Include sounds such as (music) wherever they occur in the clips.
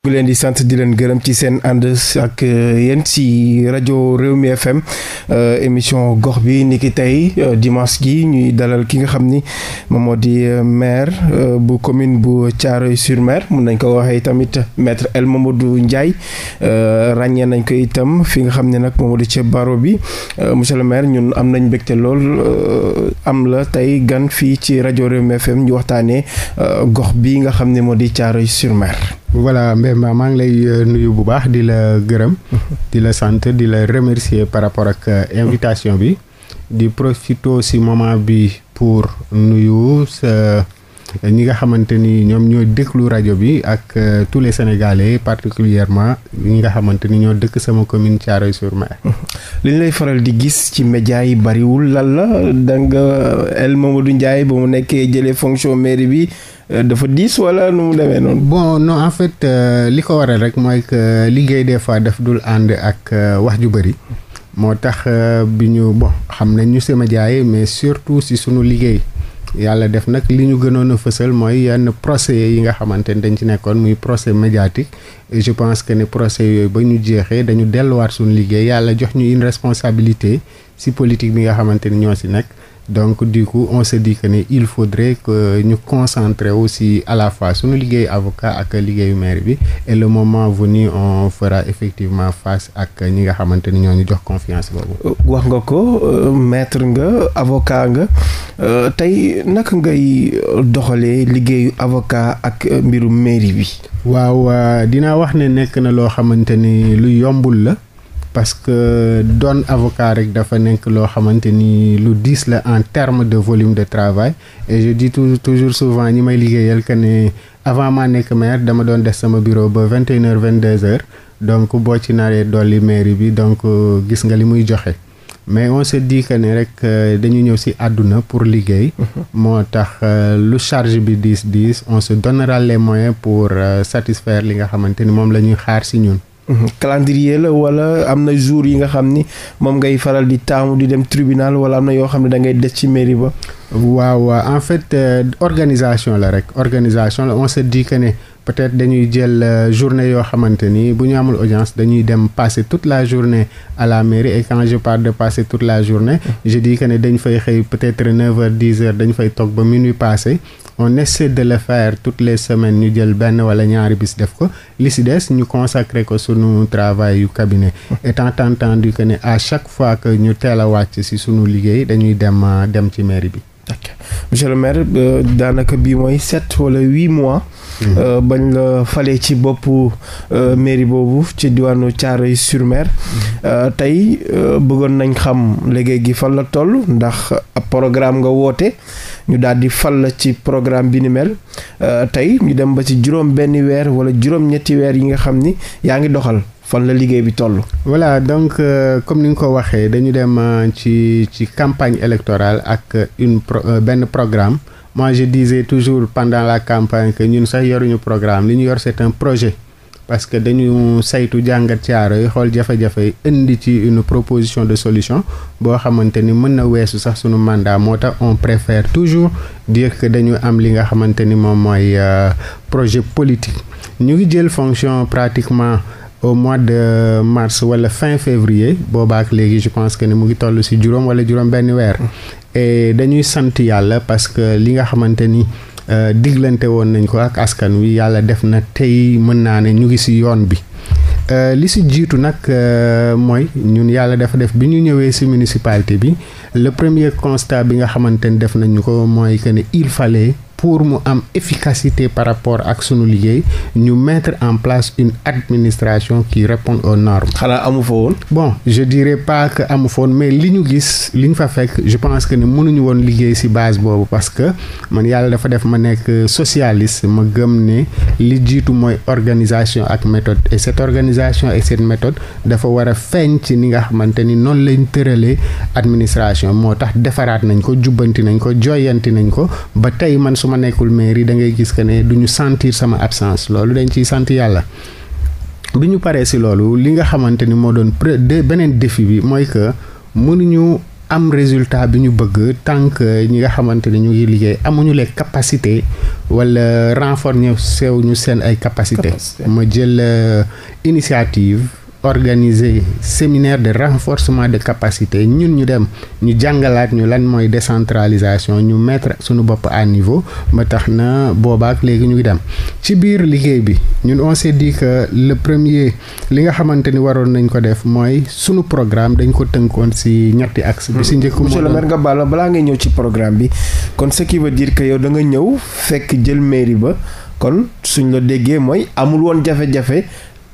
ngi leen di sant di leen gërëm ci seen ànd ak euh, yéen si rajo Rewmi FM euh, émission gox bi niki ki tey euh, dimanche gi ñuy dalal ki nga xam ni moom moo di maire bu commune bu Thiaroye-sur-Mer mun nañ ko waxee tamit maître El du Ndiaye ràññee nañ ko itam fi nga xam ne nag moom moo di bi monsieur le maire ñun am nañ mbégte lool am la tey gan fii ci rajo Rewmi FM waxtaanee gox bi nga xam ne moo di Thiaroye-sur-Mer voilà Mbemba maa ngi lay euh, nuyu bu baax di la gërëm. di la sant di la remercier par rapport ak euh, invitation bi. di profito ci moment bi pour nuyu sa. ñi nga xamante ni ñoom ñoo déglu rajo bi ak euh, tous les sénégalais particulièrement ñi nga xamante ni ñoo dëkk sama commune thiaroye sur li ñu lay faral di gis ci média yi bariwul lan la da nga El Mamadou Ndiaye ba nekkee jëlee fonction mairie bi. Euh, dafa diis wala nu mu demee noonu. bon non en fait euh, li ko waral rek mooy que liggéey des fois daf dul ànd ak wax ju bëri moo tax bi ñu bon xam na ñu sama jaay mais surtout si sunu liggéey. yàlla def nag li ñu gënoon a fësal mooy yenn procès yi nga xamante ni dañ ci nekkoon muy procès médiatique je pense que ne procès yooyu ba ñu jeexee dañu delluwaat suñu liggéey yàlla jox ñu une responsabilité si politique bi nga xamante ni ñoo si nekk donc du coup on se dit que ne il faudrait que ñu concentrer aussi à la fois suñu liggéey avocat ak liggéeyu maire bi et le moment venu on fera effectivement face ak ñi nga xamante ni ñoo ñu jox confiance boobu. Euh, wax nga ko euh, maitre nga avocat nga euh, tey naka ngay doxalee liggéeyu avocat ak mbiru mairie bi. waaw dinaa wax ne nekk na loo xamante ni lu yombul la. parce que doon avocat rek dafa nekk loo xamante ni lu diis la en terme de volume de travail et je dis toujours souvent ñi may liggéeyal que ne avant maa nekk maire dama doon des sama bureau ba vingt vingt deux heures donc boo ci naree dolli mairie bi donc euh, gis nga li muy joxe mais on se dit que ne rek euh, dañu ñëw ci àdduna pour liggéey. Mhm. moo tax euh, lu charge bi diis diis on se donnera les moyens pour satisfaire li nga xamante ni moom la ñuy xaar ci ñun. Mhm. calendrier la wala am na jour yi nga xam ni moom ngay faral di taamu di dem tribunal wala am na yoo xam ne da ngay des ci mairie ba. waaw en fait euh, organisation la rek organisation la on se dit ne. peut-être dañuy jël euh, journée yoo xamante ni bu ñu amul audience dañuy dem passer toute la journée à la mairie et quand je parle de passer toute la journée je dis que ne dañ fay xëy peut-être neuf heures dix heures dañ fay toog ba minuit passé on essaie de le faire toutes les semaines ñu jël benn wala ñaari bis def ko li si des ñu consacrer ko sunu travail yu cabinet tant entendu que ne à chaque fois que ñu teel wàcc si sunu liggéey dañuy dem euh, dem ci mairie bi ok monsieur maire euh, daanaka bii mooy sept wala huit mois. Mhm. Euh, bañ la falee ci boppu euh, mairie boobu ci diwaanu Thiaroye-sur-Mer. Mhm. tey bëggoon nañ xam liggéey gi fan la toll ndax ab programme nga woote ñu daal di fal la ci programme bi ni mel tey ñu dem ba ci juróom benn weer wala juróom ñetti weer yi nga xam ni yaa ngi doxal. fan la liggéey bi toll. voilà donc euh, comme ni nga ko waxee dañu dem euh, ci ci campagne électorale ak euh, une pro benn programme moi je toujours pendant la campagne que ñun sax yoruñu programme li ñu yor c'est un projet. parce que dañu saytu jàngat caaro yi xool jafe-jafe indi ci une proposition de solution boo xamante ni mën na weesu sax sunu mandat moo tax on préfère toujours dire que dañu am li nga xamante ni moom mooy projet politique ñu ngi jël fonction au mois de mars wala fin février boobaak léegi je pense que ne mu ngi toll ci juróom wala juróom benn weer et dañuy sant yàlla parce que li nga xamante ni euh, diglante woon nañ ko ak askan wi yàlla def na tey mën naa ne ñu ngi ci yoon bi euh, li ci jiitu nag euh, mooy ñun yàlla dafa def bi ñu ñëwee ci municipalité bi le premier constat bi nga xamante ni def nañu ko mooy que ne il fallait pour mu am efficacité par rapport ak sunu liggéey ñu mettre en place une administration qui répond aux normes. xalaa amu fa woon. bon je dirais pas que amu fa woon mais li ñu gis li ñu fa fekk je pense que ne mënuñu woon liggéey ci base boobu parce que man yàlla dafa def ma nekk socialiste ma gëm ne li jiitu mooy organisation ak méthode et cette organisation et cette métode dafa war a feeñ ci ni nga xamante ni noonu lañ tëralee administration moo tax defaraat nañ ko jubbanti nañ ko jooyanti nañ ko ma nekkul mairie da ngay gis que ne du ñu sentir sama absence loolu dañ ciy sant yàlla bi ñu paree si loolu li nga xamante ni moo doon pré beneen défi bi mooy que mënuñu am résultat bi ñu bëgg tant ñi nga xamante ni ñu ngi liggéey amuñu les capacité wala renforcer ñu sew ñu seen ay capacité ma jël euh, initiative organiser séminaire de renforcement de capacité ñun ñu dem ñu jàngalaat ñu lan mooy décentralisation ñu mettre suñu bopp à niveau ba tax na boobaak léegi ñu ngi dem ci biir liggéey bi ñun on s'est dit que le premier li nga xamante ni waroon nañ ko def mooy sunu programme dañ ko tënkoon si ñetti axe bi si hmm. njëkk monsieur le maire nga baal balaa ngay ñëw ci programme bi kon ce qui veut dire que yow da nga ñëw fekk jël mairie ba kon suñ la déggee mooy amul woon jafe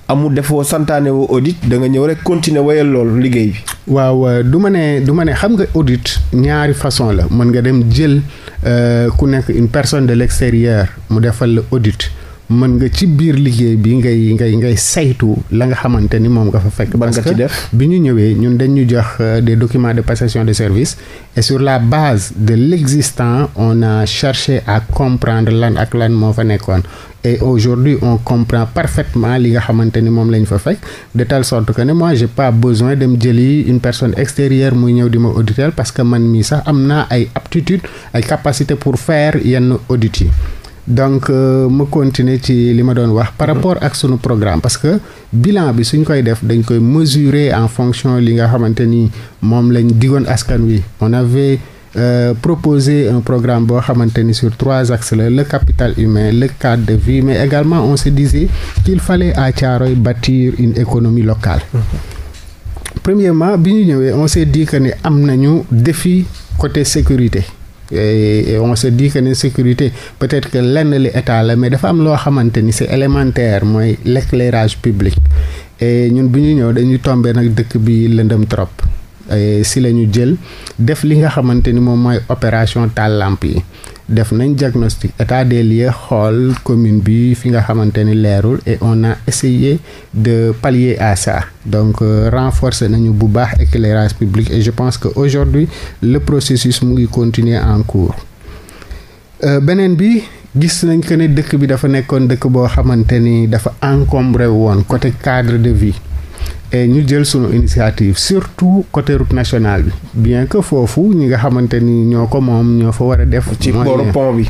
amul defoo santaane woo audit da nga ñëw rek continuer wayal loolu liggéey bi. waaw du ma ne du ma ne xam nga audit ñaari façon la mën nga dem jël euh, ku nekk une personne de l'extérieur mu defal la audit. mën nga ci biir liggéey bi ngay ngay ngay saytu la nga xamante ni moom nga fa fekk. parce que bi ñu ñëwee ñun dañu ñu jox euh, des documents de passation de service. et sur la base de l'existant on a cherché à comprendre lan ak lan moo fa nekkoon. et aujourd'hui on comprend parfaitement li nga xamante ni moom lañ fa fekk de telle sorte que ne moi j'ai pas besoin dem jëli une personne extérieure muy ñëw di ma auditer parce que man mii sax am naa ay aptitude ay capacité pour faire yenn audit yi. donc euh, ma continuer ci li ma doon wax par mhm. rapport ak sunu programme parce que bilan bi suñ koy def dañ koy mesurer en fonction li nga xamante ni moom lañ digoon askan wi on avait Euh, proposer un programme boo xamante ni sur trois axes la le capital humain le cadre de vie mais également on se disait qu'il fallait à Thiaroye bâtir une économie locale okay. Mhm. bi ñu ñëwee on s'est dit que ne am nañu defi côté sécurité et, et on se sécurité peut-être que lenn li état la mais dafa am loo xamante ni c'est élémentaire mooy l'éclairage public et ñun bu ñu ñëw dañuy tomber nag dëkk bi lëndëm trop si la ñu jël def li nga xamante ni moom mooy opération tàllamp yi def nañ diagnostic état des lieux xool commune bi fi nga xamante ni leerul et on a essayé de pallier à ça donc euh, nañu bu baax éclairage public et je pense que aujourd'hui le processus mu ngi continuer en cours euh, beneen bi gis nañ que ne dëkk bi dafa nekkoon dëkk boo xamante ni dafa encombré woon côté cadre de vie et ñu jël suñu initiative surtout côté route nationale bi bien que foofu ñi nga xamante ni ñoo ko moom ñoo fa war a def. ci borom pont bi.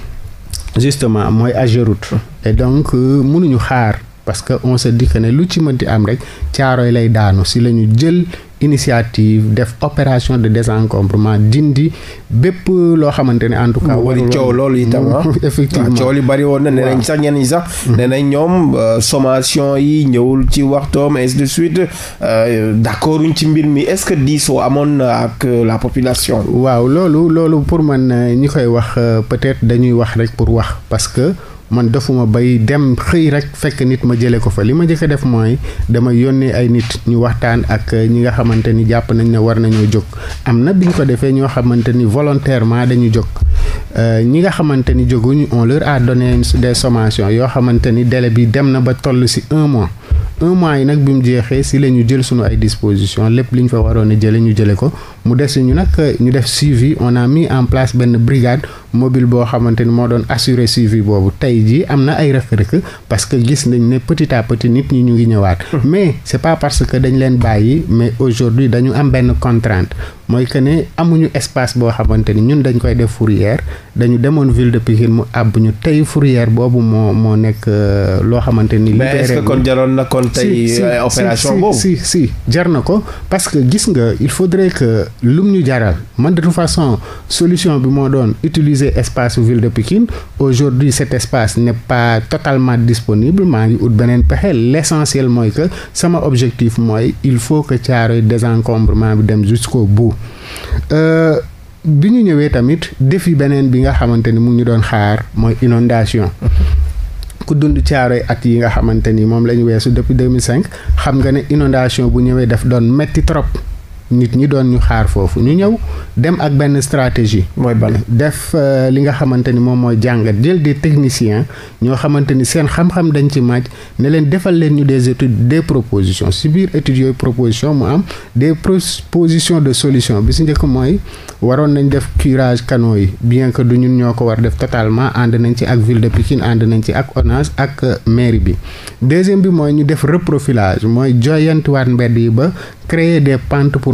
justement mooy AGEROUTE. et donc euh, mënuñu xaar parce que on se dit que ne lu ci mënti am rek yi lay daanu si la ñu jël initiative def opération de désencombrement dindi bépp loo xamante ne en tout cas. warul coow loolu itam ah. (laughs) effectivement coow li bari woon na ne nañ sax ñenn ñi sax. Mm-hmm. ne nañ ñoom euh, somation yi ñëwul ci waxtoom ainsi de suite euh, d'accord uñ ci mbir mi est-ce que diisoo amoon na ak la population. waaw loolu loolu pour man euh, ñi koy wax peut-être dañuy wax rek pour wax parce que. man defuma bay dem xëy rek fekk nit ma jëlee ko fa li ma njëkk def mooy dama yónnee ay nit ñu waxtaan ak eh, ñi nga xamante ni jàpp nañ ne war nañoo jóg am na bi ko defee ñoo xamante ni volontairement dañu jóg eh, ñi nga xamante ni jóguñu on leur a donné des sommations yoo xamante ni délai bi dem na ba toll ci un mois un mois yi nag bi jeexee ci la ñu jël suñu ay disposition lépp li ñu fa waroon a jële ñu jële ko mu des ñu nag eh, ñu def suivi on a mis en place benn brigade mobile boo xamante ni moo doon assurer suivi boobu tey jii am na ay rëkk parce que gis nañ ne petit à petit nit ñu ngi ñëwaat. Hmm. mais c'est pas parce que dañ leen bàyyi mais aujourd'hui dañu am benn contrainte mooy que ne amuñu espace boo xamante ni ñun dañ koy def fourrière dañu demoon ville de Pikine mu àbb ñu tey fourrière boobu moo moo nekk euh, loo xamante ni. libéré mais jaroon na kon tey euh, si jar na ko parce que gis nga il faudrait que lum ñu jaral man de toute façon solution bi moo doon utiliser. utiliser espace ville de Pikine aujourd'hui cet espace n'est pas totalement disponible maa ngi ut beneen pexe l'essentiel mooy que sama objectif mooy il faut que Thiaroye désencombrement bi dem jusqu'au bu euh, bi ñu ñëwee tamit defi beneen bi nga xamante ni mu ngi ñu doon xaar mooy inondation ku dund caaroy at yi nga xamante ni moom la ñu weesu depuis 2005 xam nga ne inondation bu ñëwee daf doon metti trop nit ñi doon ñu xaar foofu ñu ñëw dem ak benn stratégie. mooy ban def euh, li nga xamante ni moom mooy jàngat jël de technicien ñoo xamante ni seen xam-xam dañ ci màcc ne leen defal leen ñu des études des propositions si biir études yooyu proposition mu am de pros position de solution bi si njëkk mooy waroon nañ def curage canaux yi bien que du ñun ñoo ko war def totalement ànd nañ ci ak ville de Pikine ànd nañ ci ak ONAS ak euh, mairie bi deuxième bi mooy ñu def reprofilage mooy joyantiwaat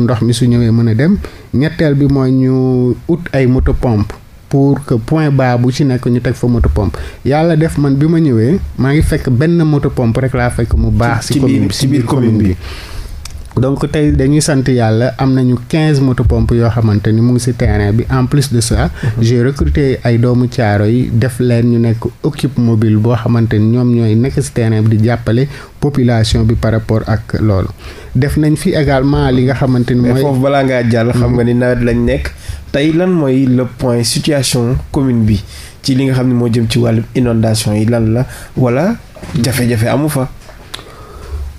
ndox mi su ñëwee mën a dem ñetteel bi mooy ñu ut ay moto pompe pour que point bas bu ci nekk ñu teg fa moto pompe yàlla def man bi ma ñëwee maa ngi fekk benn moto pompe rek laa fekk mu baax. ci biir ci biir commune bi donc tey dañuy sant yàlla am nañu quinze moto pompe yoo xamante ni mu ngi ci terrain bi en plus de ça. Mhm. j'ai recruté ay doomu caaro yi def leen ñu nekk équipe mobile boo xamante ni ñoom ñooy nekk ci terrain bi di jàppale population bi par rapport ak loolu. def nañ fi également li nga xamante ni mooy. foofu balaa ngaa jàll xam nga ni mhm. nawet lañ nekk. tey lan mooy le point situation commune bi ci li nga xam ne moo jëm ci wàllu inondation yi lan la wala jafe amu fa.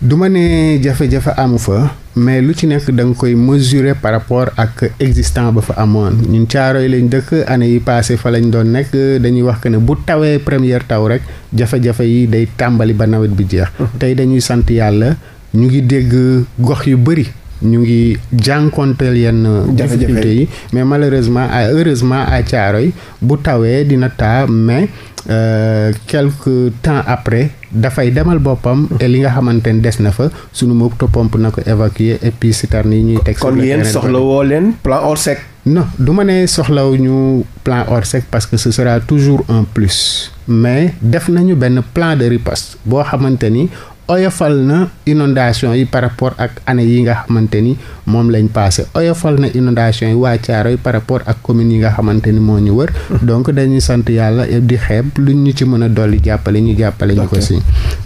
du ma ne jafe-jafe amu fa mais lu ci nekk da nga koy mesurer par rapport ak existant ba fa amoon ñun Caaroy lañ dëkk année yi passé fa lañ doon nekk dañuy wax que ne bu tawee première taw rek jafe-jafe yi day tàmbali ba nawet bi jeex. Mhm. tey dañuy sant yàlla ñu ngi dégg gox yu bëri. ñu ngi jànkonteel yenn difficulté yi mais malheureusement à ah, heureusement à Thiaroye bu tawee dina taa mais Euh, quelque temps après dafay demal boppam. te li nga xamante ne des na fa sunu motopompe na ko évacuer et puis citerne yi ñuy. teg kon yéen soxla woo leen plan Orsec. non du ma ne soxlaw ñu plan Orsec parce que ce sera toujours en plus mais def nañu benn plan de riposte boo xamante ni. oyofal na inondation yi par rapport ak année yi nga xamante ni moom lañ passé oyofal na inondation yi waa Caaroy par rapport ak communes yi nga xamante ni moo ñu wër hmm. donc dañuy sant yàlla di xeeb lu ñu ci mën a dolli jàppale ñu jàppale ñu ko si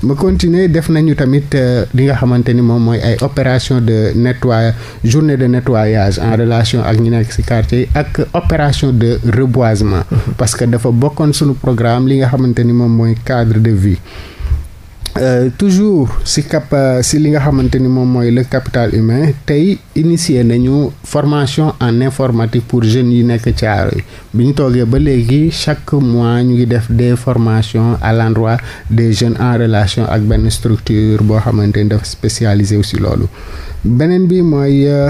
ma continuer def nañu tamit euh, li nga xamante ni moom mooy ay opération de nettoyage journée de nettoyage en relation ak ñu nekk si quartier yi ak opération de reboisement hmm. parce que dafa bokkoon sunu programme li nga xamante ni moom mooy cadre de vie Euh, toujours si cap euh, si li nga xamante ni moom mooy le capital humain tey initier nañu formation en informatique pour jeunes yi nekk Thiaroye bi ñu toogee ba léegi chaque mois ñu ngi def des formations à l'endroit des jeunes en relation ak benn structure boo xamante ni dafa spécialisé aussi loolu beneen bi mooy euh,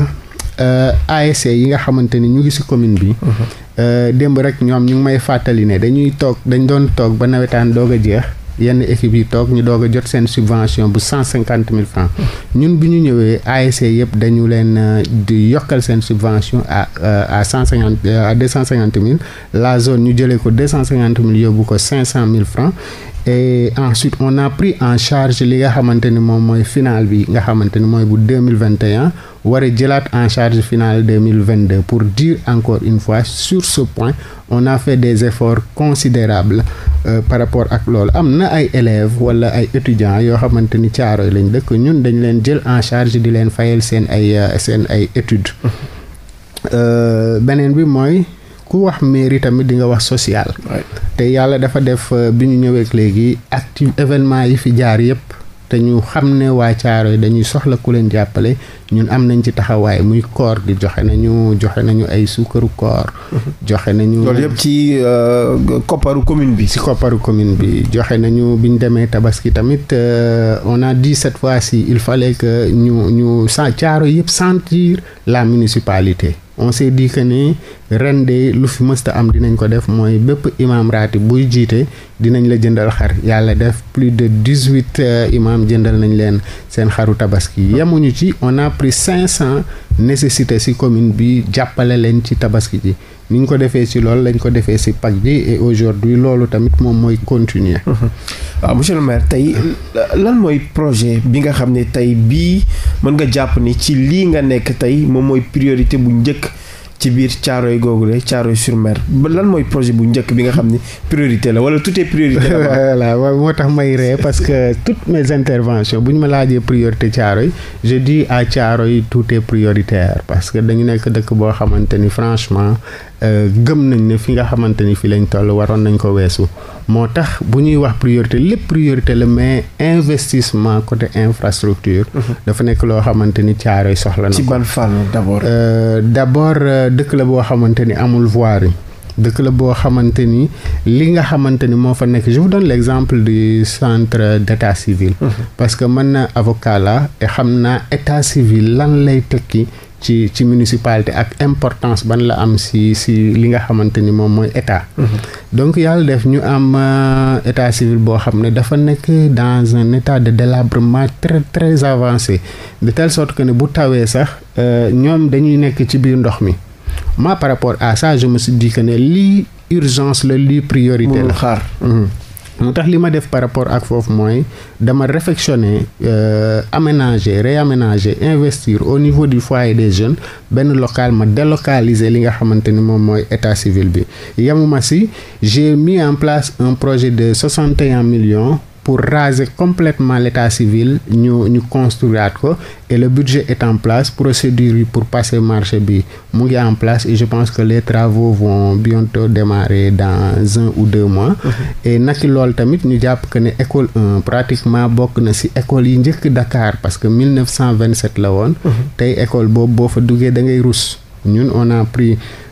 euh, ASC yi nga xamante ni ñu ngi ci commune bi. Uh-huh. démb rek ñoom ñu ngi may fàttali ne dañuy toog dañ doon toog ba nawetaan doog a jeex. yenn équipe yi toog ñu doog a jot seen subvention bu cent cinquante mille francs ñun bi ñu ñëwee ASC yëpp dañu leen euh, di yokkal seen subvention à euh, à cent cinquante euh, à deux cent cinquante la zone ñu jëlee ko deux cent cinquante mille yóbbu ko cinq cent mille francs et ensuite on a pris en charge li nga xamante ni moom mooy final bi nga xamante ni mooy bu deux mille vingt et war a jëlaat en charge finale deux mille vingt deux pour dire encore une fois sur ce point on a fait des efforts considérables euh, par rapport ak loolu am na ay élèves wala ay étudiants yoo xamante ni Caaroy lañ dëkk ñun dañu leen jël en charge di leen fayal seen ay euh, seen ay études mm-hmm. euh, beneen bi mooy. ku wax mairie tamit di nga wax social. te yàlla dafa def euh, bi ñu ñëwee léegi active événement yi fi jaar yëpp te ñu xam ne waa yi dañuy soxla ku leen jàppale ñun am nañ ci taxawaay muy koor di joxe nañu joxe nañu ay suukaru koor. joxe nañu loolu yëpp ci euh, kopparu commune bi. ci kopparu commune bi joxe nañu bi ñu demee tabaski tamit euh, on a dit cette fois-ci il fallait que ñu ñu sa caaro yëpp sentir la municipalité. on s'est dit que ni ren de lu fi mësta am dinañ ko def mooy bépp imam buy jiite dinañ la jëndal xar yàlla def plus de dix-huit euh, imam jëndal nañ leen seen xaru tabaski yemuñu ci on a pris cinq cent nécessité ci commune bi jàppale leen ci tabaski ji ni ñu ko defee ci loolu lañ ko defee ci pàcc bi et aujourd'hui loolu tamit moom mooy continuer waaw mm-hmm. ah, monsieur le maire tey lan mooy projet bi nga xam ne tey bii mën nga jàpp ni ci lii nga nekk tey moom mooy priorité bu njëkk ci biir Caaroy googule Caaroy sur mer ba lan mooy projet bu njëkk bi nga xam ni priorité la wala tout est priorité (laughs) moo tax may ree parce que toutes mes interventions bu ñu ma laajee priorité Caaroy je dis à Caaroy tout est prioritaire parce que dañu nekk dëkk boo xamante ni franchement euh, gëm nañ ne fi nga xamante ni fi lañ toll waroon nañ ko weesu moo tax bu ñuy wax priorité lépp priorité la mais investissement côté infrastructure mhm. dafa nekk loo xamante ni Caaroy soxla na ko ci dëkk la boo xamante ni amul voirie dëkk la boo xamante ni li nga xamante ni moo fa nekk je vous donne l'exemple du centre d'état civil. Mhm. parce que mën na avocat la xam naa état civil lan lay tekki ci ci municipalité ak importance ban la am si si li nga xamante ni moom mooy état. Mhm. donc yàlla def ñu am euh, état civil boo xam ne dafa nekk dans un état de délabrement très très avancé de telle sorte que ne bu tawee sax euh, ñoom dañuy nekk ci biir ndox mi. moi par rapport à ça je me suis dit que ne lii urgence la lii priorité la xaar mu mhm. tax li ma def par rapport ak foofu mooy dama réfectionner euh, aménager réaménager investir au niveau du foyer des jeunes benn local ma délocaliser li nga xamante ni moom mooy état civil bi yemuma si j'ai mis en place un projet de 61 millions pour raser complètement l'état civil ñu ñu construiraat ko et le budget est en place procédure yi pour passer marché bi mu ngi en place et je pense que les travaux von bientôt démarrer dans un ou deux mois okay. et naki lool tamit ñu jàpp que ne école 1 pratiquement bokk na si école yi njëkk Dakar parce que 1927 la woon mhm. tey école boobu boo fa duggee da rus ñun on a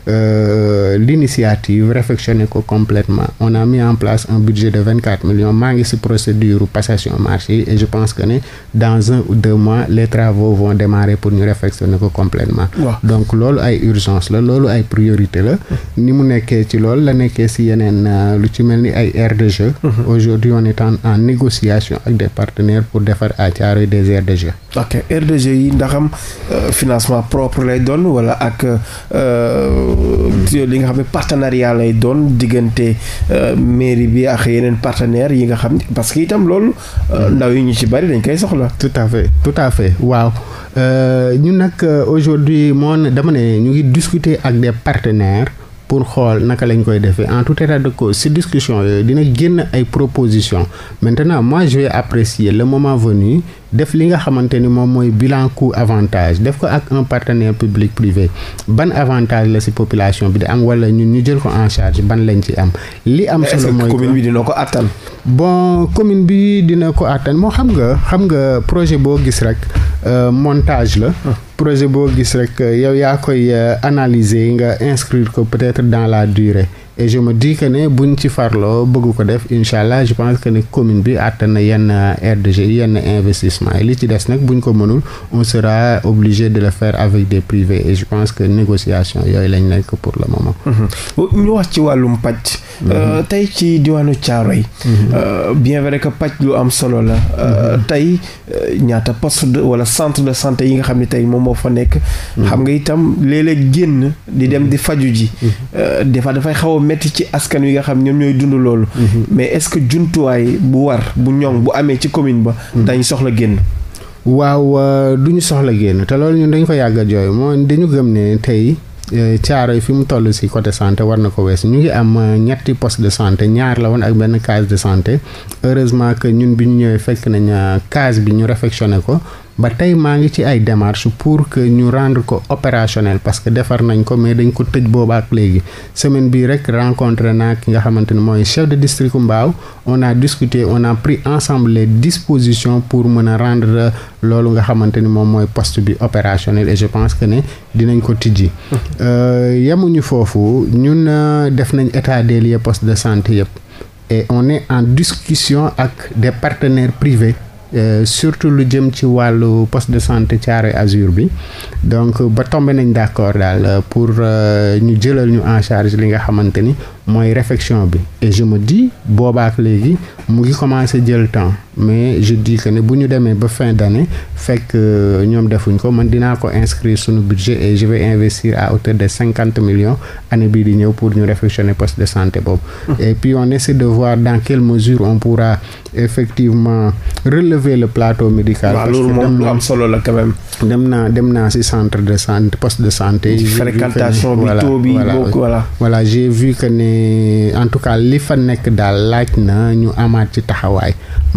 euh, l'initiative réfectionné ko complètement on a mis en place un budget de vingt quatre millions maa ngi ci procédure passation marché et je pense que ne dans un ou deux mois les travaux vont démarrer pour ñu réfectionné ko complètement wow. donc loolu ay urgence la loolu ay priorité la ni mu nekkee ci loolu la nekkee ci yeneen euh, lu ci mel ni ay aire de jeu mhm. aujourd'hui on est en, en négociation ak des partenaires pour defar à Thiaroye des r de jeu ok aire de jeu yi ndax am euh, financement propre lay doon wala ak euh, li nga xam ne partenariat lay doon diggante euh, mairie bi ak yeneen partenaires yi nga xam ne parce que itam loolu euh, ndaw yi ñu ci bari dañ koy soxla. tout à fait tout à fait waaw euh, ñun nag aujourd'hui moom dama ne ñu ngi discuter ak des partenaires. pour xool naka lañ koy defee en tout état de cause si discussion yooyu dina génn ay proposition maintenant moi je vais apprécier moment venu def li nga xamante ni moom mooy bilan coût avantage def ko ak un partenaire public privé ban avantage la si population bi di am wala ñun ñu jël ko en ban lañ ci am. li am solo mooy commune bi dina ko attan. bon commune bi dina ko attan moo xam nga xam nga projet boo gis rek. Euh, montage la ah. projet boo gis rek euh, yow yaa koy euh, analyser nga inscrire ko peut-être dans la durée et je dii dis que ne buñ ci farloo bëgg ko def incha allah je pense que ne commune bi àttan na yenn RDG yenn investissement yi li ci des nag buñ ko mënul on sera obligé de le faire avec des privés et je pense que négociation yooyu lañ nekk pour le moment. Mhm. ñu wax ci wàllum paj mhm. euh, tey ci diwaanu Thiaroye. Mhm. Euh, bien vrai que pàcc lu am solo la. Euh, tey ñaata post de wala centre de santé yi nga xam ne tey moom moo fa nekk. xam nga itam léeg-léeg génn di dem di faju ji. des dafay xaw métti ci askan wi nga xam ñoom ñooy dund loolu. Mhm. mais est-ce que jumtuwaay bu war bu ñoŋ bu amee ci commune ba. Mhm. dañ soxla génn. waaw euh, du ñu soxla génn te loolu ñun dañu ko yàgg a jooy moo dañu gëm ne tey. Euh, caaro yi fi mu toll si côté santé war na ko wees ñu ngi am euh, ñetti poste de santé ñaar la woon ak benn case de santé heureusement que ñun bi ñu ñëwee fekk nañ case bi ñu refectionné ko ba tey maa ngi ci ay démarches pour que ñu rendre ko opérationnel parce que defar nañ ko mais dañ ko tëj booba ak léegi semaine bii rek rencontre naa ki nga xamante ne mooy chef de district mbaaw on a discuté on a pris ensemble les dispositions pour mën a rendre loolu nga xamante ni moom mooy poste bi opérationnel et je pense que ne dinañ ko tijji. Euh, yemuñu foofu ñun euh, def nañ état des lieux poste de santé yëpp et on est en discussion ak des partenaires privés. Euh, surtout lu jëm ci wàllu poste de santé Thiaroye Azur bi donc ba tombe nañ d'accord daal euh, pour euh, ñu jëlal ñu en charge li nga xamante ni mooy réflexion bi et je me dis boobaak léegi mu ngi commencé jël temps mais je dis que ne bu ñu demee ba fin d' année fekk euh, ñoom defuñ ko man dinaa ko inscrire suñu budget e je vais investir à hauteur de cinquante millions année bii di ñëw pour ñu réflexionner poste de santé boobu. et puis on essaie de voir dans quelle mesure on pourra effectivement relever le plateau médical. parce dem na am solo la quand dem naa si centre de santé poste de santé. fréquentation bi taux bi voilà voilà vu que ne. ne en tout cas li fa nekk daal laaj na ñu amaat ci taxawaay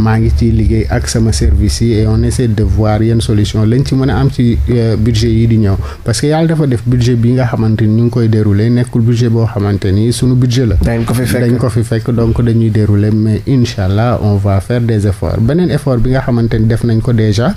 maa ngi ci liggéey ak sama service yi et on essaie de voir yenn solution lañ ci mën a am ci euh, budget yi di ñëw parce que yàlla dafa def budget bi nga xamante ni ñu ngi koy dérouler nekkul budget boo xamante ni sunu budget la. dañ ko fi fekk dañ ko fi fekk donc dañuy dérouler mais incha allah on va faire des efforts beneen effort bi nga xamante ni def nañ ko déjà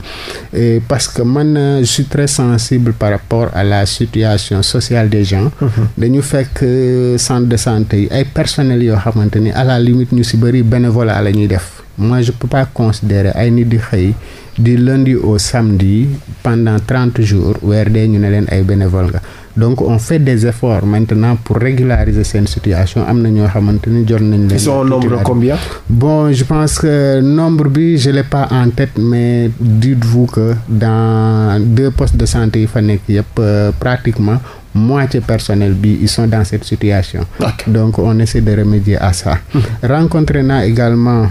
parce que man euh, je suis très sensible par rapport à la situation sociale des gens. Mm-hmm. santé yi ay personnels yoo xamante ni à la limite ñu si bëri bénévolat la ñuy def moi je peux pas considérer ay nit di xëy di lundi au samedi pendant trente jours weer dee ñu ne leen ay bénévole nga donc on fait des efforts maintenant pour régulariser seen situation am na ñoo xamante ni jot nañ leen. ils sont au nombre combien. bon je pense que nombre bi je l'ai pas en tête mais dites-vous que dans deux postes de santé yi fa nekk yëpp euh, pratiquement moitié personnel bi ils sont dans cette situation. Okay. donc on essaie de remédier à ça. Hmm. rencontrer naa également.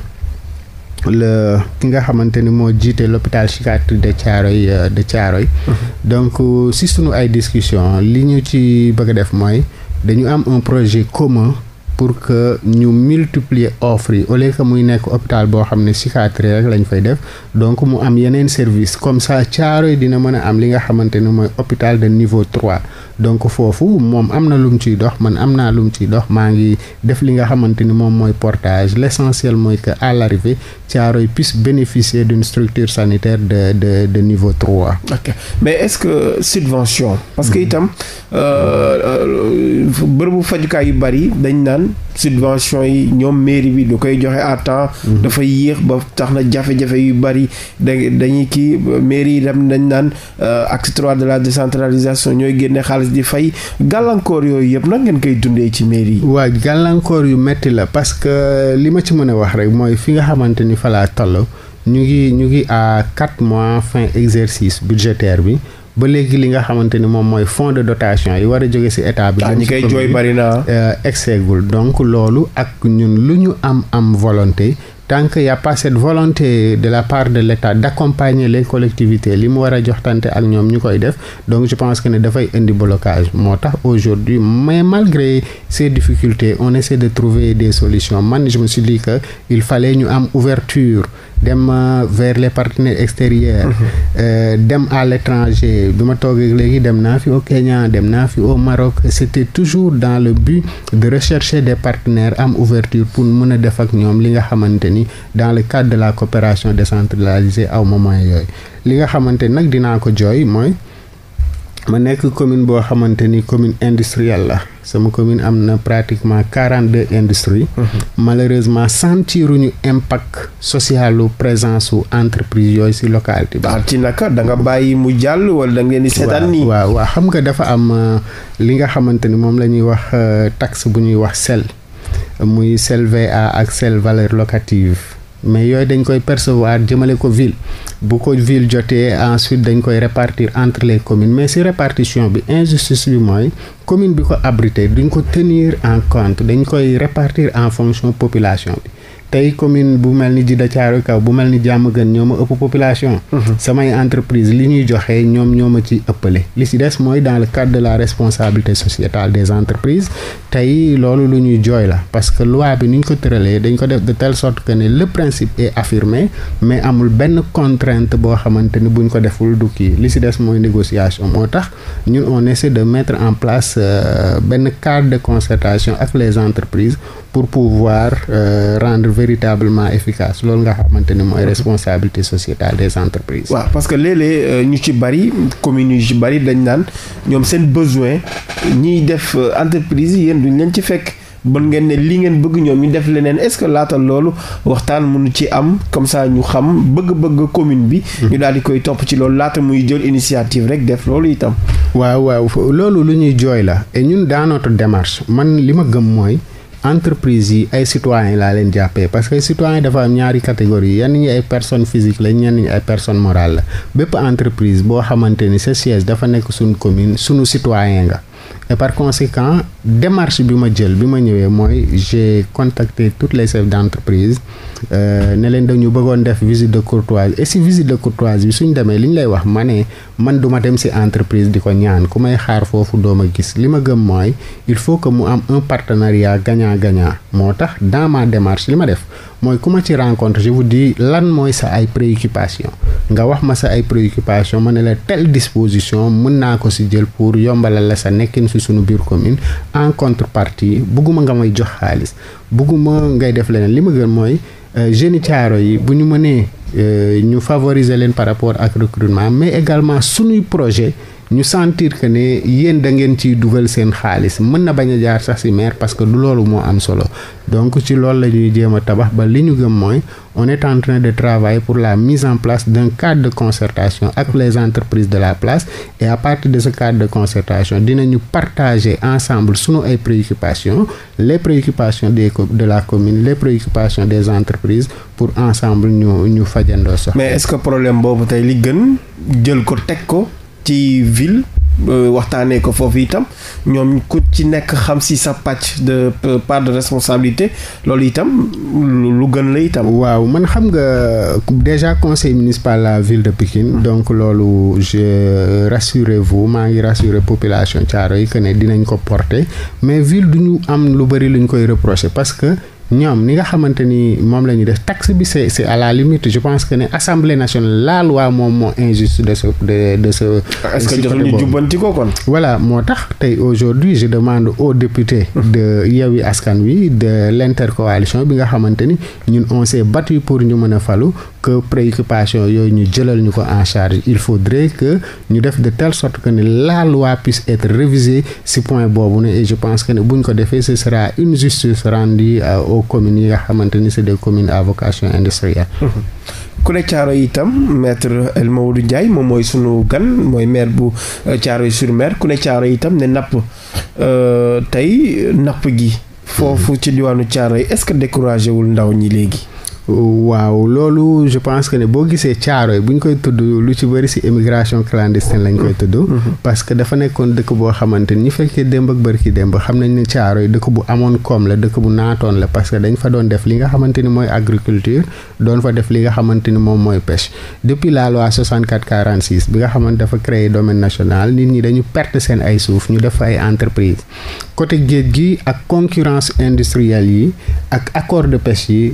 la ki nga xamante ni moo jiite l'hôpital psychiatrique de Thiaroye euh, de Thiaroye mhm. donc euh, si sunu ay discussion li ñu ci bëgg a def mooy dañu am un projet commun pour que ñu multiplier offre yi au lieu que muy nekk hôpital boo xam ne psychiatrie rek lañ fay def donc mu am yeneen service comme ça yi dina mën a am li nga xamante ne mooy hôpital de niveau trois donc foofu moom am na lu mu ciy dox man am naa lu mu ciy dox maa ngi def li nga xamante ni moom mooy portage l'essentiel mooy que à l'arrivée Thiaroye puisse bénéficier d'une structure sanitaire de de de niveau trois. ok mais est-ce que subvention. parce que mm-hmm. itam euh, euh, bu fajukaay yu bari dañ lan yi ñoom mairie bi du koy joxe à temps. Mhm. dafa yéex ba tax na jafe-jafe yu bari da dañuy kii mairie yi dem dañ naan euh, acte trois de la décentralisation ñooy génne xaalis di fay gàllankoor yooyu yëpp nag ngeen koy dundee ci mairie yi. waaw gàllankoor yu metti la parce que li ma ci mën a wax rek mooy fi nga xamante ni fa laa ñu ngi ñu ngi à quatre mois fin exercice budgétaire bi. ba léegi li nga xamante ni moom mooy fonds de dotation yi war a jóge ci état bi. Ah, ñi koy jooy bari na. egseegul euh, donc loolu ak ñun lu ñu am am volonté. tant que y a pas cette volonté de la part de l'État d'accompagner les collectivités li mu war a joxtante ak ñoom ñu koy def donc je pense que ne dafay indi blocage moo tax aujourd'hui mais malgré ces difficultés on essaie de trouver des solutions man je me suis dit que il fallait ñu am ouverture dem euh, vers les partenaires extérieurs mhm. euh, dem à l'étranger bi ma toogee léegi dem naa fi o Kenya dem naa fi au Maroc c'était toujours dans le but de rechercher des partenaires am ouverture dans le cadre de la de décentralisée aw ma yooyu li nga xamante nag dinaa ko jooy mooy ma nekk commune boo xamante ni commune industrielle la sama commune am na pratiquement quarante de industries malheureusement -hmm. malheureusement sentiruñu impact social lu présence su entreprise yooyu si localité bi. ci naka da nga bàyyi mu jàll wala da di seetaan nii waaw waaw xam nga dafa am euh, li nga xamante ni moom la ñuy wax euh, taxe bu ñuy wax sel muy CLVA ak CEL valeur locative mais yooyu dañ koy percevoir jëmale ko ville bu ko ville jotee ensuite dañ koy répartir entre les communes mais si répartition bi injustice bi mooy commune bi ko abrité duñ ko tenir en compte dañ koy répartir en fonction population bi tey commune bu mel ni Djida Thiaroye Kaw bu mel ni jàmm Diamaguène ñoo ma ëpp population. Mhm. samay entreprise li ñuy joxe ñoom ñoo ma ci ëppale. li si des mooy dans le cadre de la responsabilité sociétale des entreprises tey loolu lu ñuy jooy la parce que loi bi ni ñu ko tëralee dañ ko def de telle sorte que ne le principe est affirmé mais amul benn contrainte boo xamante ni buñ ko deful du kii li si des mooy négociation moo tax ñun on essaie de mettre en place euh, benn cadre de concertation ak les entreprises pour pouvoir euh, rendre. véritablement efficace loolu nga xamante ni mooy responsabilité sociétale des entreprises. waaw parce que léeg-léeg euh, ñu ci bari communes yu ci bari dañ daan ñoom seen besoin ñiy def euh, entreprise yi yéen duñ leen ci fekk. bon ngeen ne li ngeen bëgg ñoom ñu def leneen est-ce que laata loolu waxtaan mënu ci am comme ça ñu xam bëgg-bëgg commune bi. Hmm. ñu daal di koy topp ci loolu laata muy jël initiative rek def loolu itam. waaw waaw loolu lu ñuy jooy la et ñun dans notre man li ma gëm mooy. entreprise yi ay citoyens laa leen jàppee parce que citoyen dafa am ñaari catégorie yenn ñi ay personnes physiques lañ ñenn ñi ay personnes morales la bépp entreprise boo xamante ni sa siège dafa nekk suñu commune suñu citoyen nga et par conséquent démarche bi ma jël bi ma ñëwee mooy j'ai contacté toutes les chefs d'entreprise euh, ne leen dañu bëggoon def visite de courtoisie et si visite de courtoisie bi suñ demee li ñu lay wax ma ne man duma dem si entreprise di ko ñaan ku may xaar foofu doom a gis li ma gëm mooy il faut que mu am un partenariat gagnant-gagnant moo tax dama demarche démarche li ma def mooy ku ma ci rencontre je vous lan mooy sa ay préoccupation nga wax ma sa ay préoccupation ma suñu biir commune en contrepartie bëgguma nga may jox xaalis bugguma ngay def leneen li ma gën mooy euh, jeunes Thiaroye yi bu ñu mënee euh, ñu favoriser leen par rapport ak recrutement mais également suñuy projet ñu sentir que ne yéen da ngeen ciy dugal seen xaalis mën na bañ a jaar sax ci maire parce que du loolu moo am solo donc si loolu la ñuy jéem a tabax ba li ñu gëm mooy on et en train de travailler pour la mise en place d'un cadre de concertation ak les entreprises de la place et à partir de ce de concertation dinañu partager ensemble sunu ay préoccupations les préoccupations des de la commune les préoccupations des entreprises pour ensemble ñu ñu fajandoo sax mais est-ce que problème boobu tey li gën jël ko teg ko. ci ville euh, waxtaanee ko foofu itam ñoom ku ci nekk xam si sa pàcc de euh, part de responsabilité loolu itam lu gën la itam. waaw man xam nga déjà conseil municipal la ville de Pikine hmm. donc loolu je rassurez-vous maa ngi rassurer population yi que ne dinañ ko porter mais ville du ñu am lu bari lu koy reprocher parce que. ñoom ni nga xamante ni moom la ñuy def taxe bi c'est à la limite je pense que ne assemblée nationale la loi moom moo injuste de ce de de ce. est-ce que jotul ñu jubbanti ko kon. voilà moo tax tey aujourd'hui je demande aux députés. de Yewwi Askan Wi de l'intercoalition bi nga xamante ni ñun on bat battu pour ñu mën a falu que préoccupation yooyu ñu jëlal ñu ko en charge il faudrait que ñu def de telle sorte que ne la loi puisse être révisée si point boobu ne et je pense que ne buñ ko defee ce aux communes yi xamante ni c'est des communes à vocation industrielle. ku ne caaro itam maître El jaay Ndiaye moom mooy sunu gan mooy maire bu caaro euh, yi mer ku ne caaro itam ne napp euh, tey napp gi. foofu ci diwaanu caaro yi est-ce que découragé wul ndaw ñi léegi. waaw loolu je pense que ne boo gisee Caaroy bu ñu koy tudd lu ci bëri si immigration clandestine lañ koy tudd mm-hmm. Mm-hmm. parce que dafa nekkoon dëkk boo xamante ni ñu fekkee démb ak bërki démb xam nañ ne Caaroy dëkk bu amoon koom la dëkk bu naatoon la parce que dañ fa doon def li nga xamante ni mooy agriculture doon fa def li nga xamante ni moom mooy pêche depuis la loi 64 46 bi nga xamante dafa créer domaine national nit ñi dañu perte seen ay suuf ñu def ay entreprise côté gi ak concurrence industrielle yi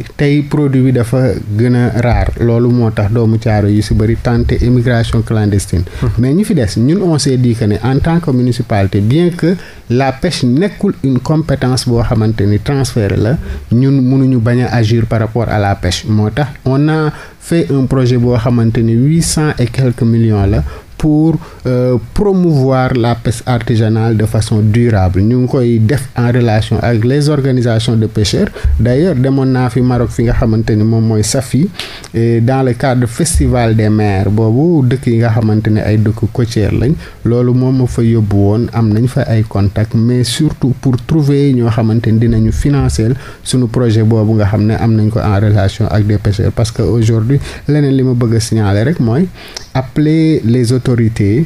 wi dafa gën a raar loolu moo tax doomu caaro yu si bëri tenté immigration clandestine mais ñu fi des ñun on s'est ne en tant que municipalité bien que la pêche nekkul une compétence boo xamante ni transféré la ñun mënuñu bañ a agir par rapport à la pêche moo tax on a fait un projet boo xamante ni huit cent et millions la pour euh, promouvoir la pêche artisanale de façon durable ñu ngi koy def en relation ak les organisations de pêcheurs d'ailleurs demoon naa fi Maroc fi nga xamante ni moom mooy Safi et dans le cadre festival des mers boobu dëkk yi nga xamante ne ay dëkk côtière lañ loolu moom ma fa yóbbu woon am nañ fa ay contacts mais surtout pour trouver ñoo xamante ni dinañu financer sunu projet boobu nga xam ne am nañ ko en relation ak des pêcheurs parce que aujourd'hui leneen li ma bëgg a rek mooy autorités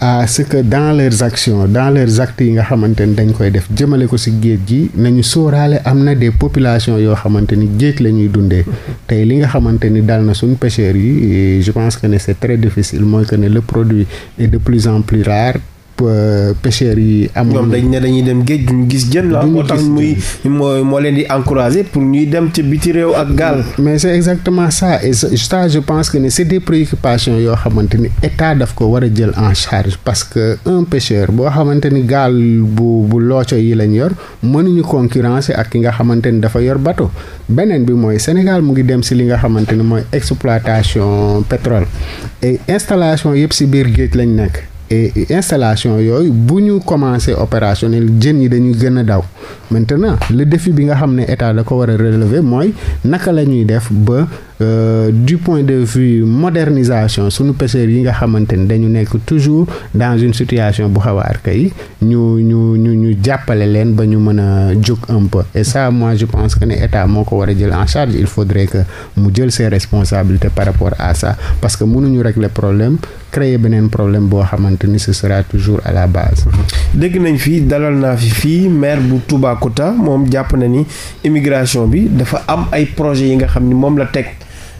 à ce que dans leurs actions dans leurs actes yi nga xamante ni dañ koy def jëmale ko ci géej gi nañu sóoraale am na des populations yoo xamante ni géej la ñuy dundee tey li nga xamante ni dal na suñ pêcheurs yi je pense que ne c'est très difficile mooy que ne le produit est de plus en plus rare Euh, pêcheurs yi am ñoom dañ ne dañuy dem géej duñu gis jën la moo tax muy moo moo leen di encourager pour ñuy dem ci biti réew ak gaal mais c'est exactement ça et ça pense que ne c'est des préoccupations yoo xamante ni état daf ko war a jël en charge parce que un pêcheur boo xamante ni gaal bu bu looco yi lañ yor mënuñu concurrence ak ki nga xamante ni dafa yor bateau beneen bi mooy Sénégal mu ngi dem si li nga xamante ni mooy exploitation pétrole et installation yëpp si biir géej lañ nekk et installation yooyu bu ñu commencé opérationnel jën yi dañuy gën daw daw maintenant le défi bi nga xam ne état da ko war a relever mooy naka la ñuy def ba. Euh, du point de vue modernisation suñu pêcheurs yi nga xamante ni dañu nekk toujours dans une situation bu xaw a archaïque ñu ñu ñu ñu jàppale leen ba ñu mën a jóg un peu et sa moi je pense que ne état moo ko war a jël en charge il faudrait que mu jël see responsabilité par rapport à sa parce que mënuñu régler problème créer beneen problème boo xamante ni ce sera toujours à la base. dégg nañ fii dalal naa fi fii maire bu Toubacouta moom jàpp na ni immigration bi dafa am ay projets yi nga xam ni moom la teg.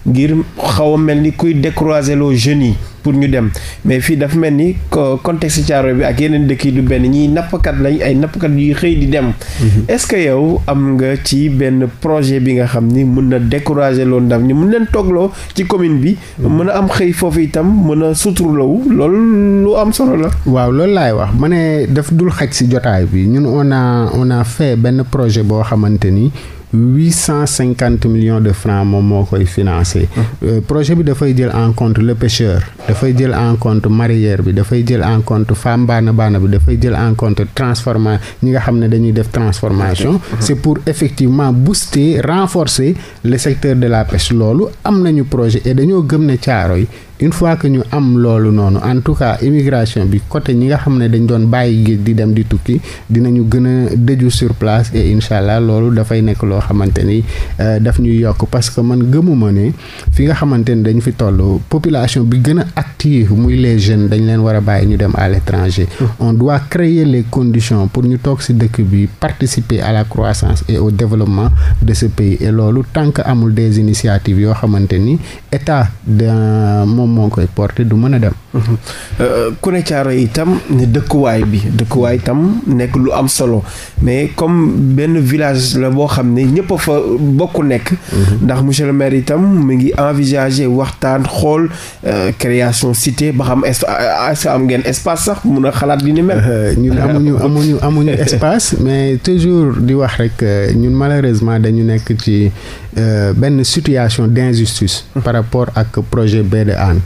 ngir xaw a mel ni kuy décroiser loo jeunes yi pour ñu dem mais fii dafa mel ni contexte caaro bi ak yeneen dëkk yi du benn ñiy nappkat lañ ay nappkat yuy xëy di dem. Mhm. est-ce que yow am nga ci benn projet bi nga xam ni mun na décourager loo ndam ñu mën leen toogloo ci commune bi. Mhm. mën a am xëy foofu itam mën a suturloowu loolu lu am solo la. waaw loolu laay wax ma ne daf dul xaj si jotaay bi ñun on a on a fait benn projet boo xamante ni. huit cent cinquante millions de francs moom moo koy financé. Euh, projet bi dafay jël en compte le pêcheur dafay jël en compte mareyeur bi dafay jël en compte femme baana baana bi dafay jël en compte transforma ñi nga xam ne dañuy def transformation. Mhm. c'est pour effectivement booster renforcer le secteur de la pêche loolu am nañu projet et dañoo gëm ne caaro yi une fois que ñu am loolu noonu en tout cas immigration bi côté ñi nga xam ne dañu doon bàyyi géej di dem di tukki dinañu gën a dëju sur place et incha allah loolu dafay nekk loo xamante ni euh, daf ñuy yokk parce que man gëmuma ne fi nga xamante ni dañu fi toll population bi gën a active muy les jeunes dañ leen war a bàyyi ñu dem à l'étranger mmh. on doit créer les conditions pour ñu toog ci dëkk bi participer à la croissance et au développement de ce pays et loolu tant que amul des initiatives yoo xamante ni état moom moo koy porté du mën a dem. Mhm. Euh, ku ne caaro itam dëkkuwaay bi dëkkuwaay itam nekk lu am solo mais comme benn village la boo xam ne ñëpp a fa bokk nekk. Mhm. ndax monsieur le maire itam mu ngi envisager waxtaan xool euh, création cité ba xam est am ngeen espace sax mun a xalaat li ni mel. Euh, ñun amuñu amuñu amuñu espace mais toujours di wax rek ñun malheureusement dañu nekk ci. Euh, benn situation d' injustice. Mm. par rapport ak projet B de Hann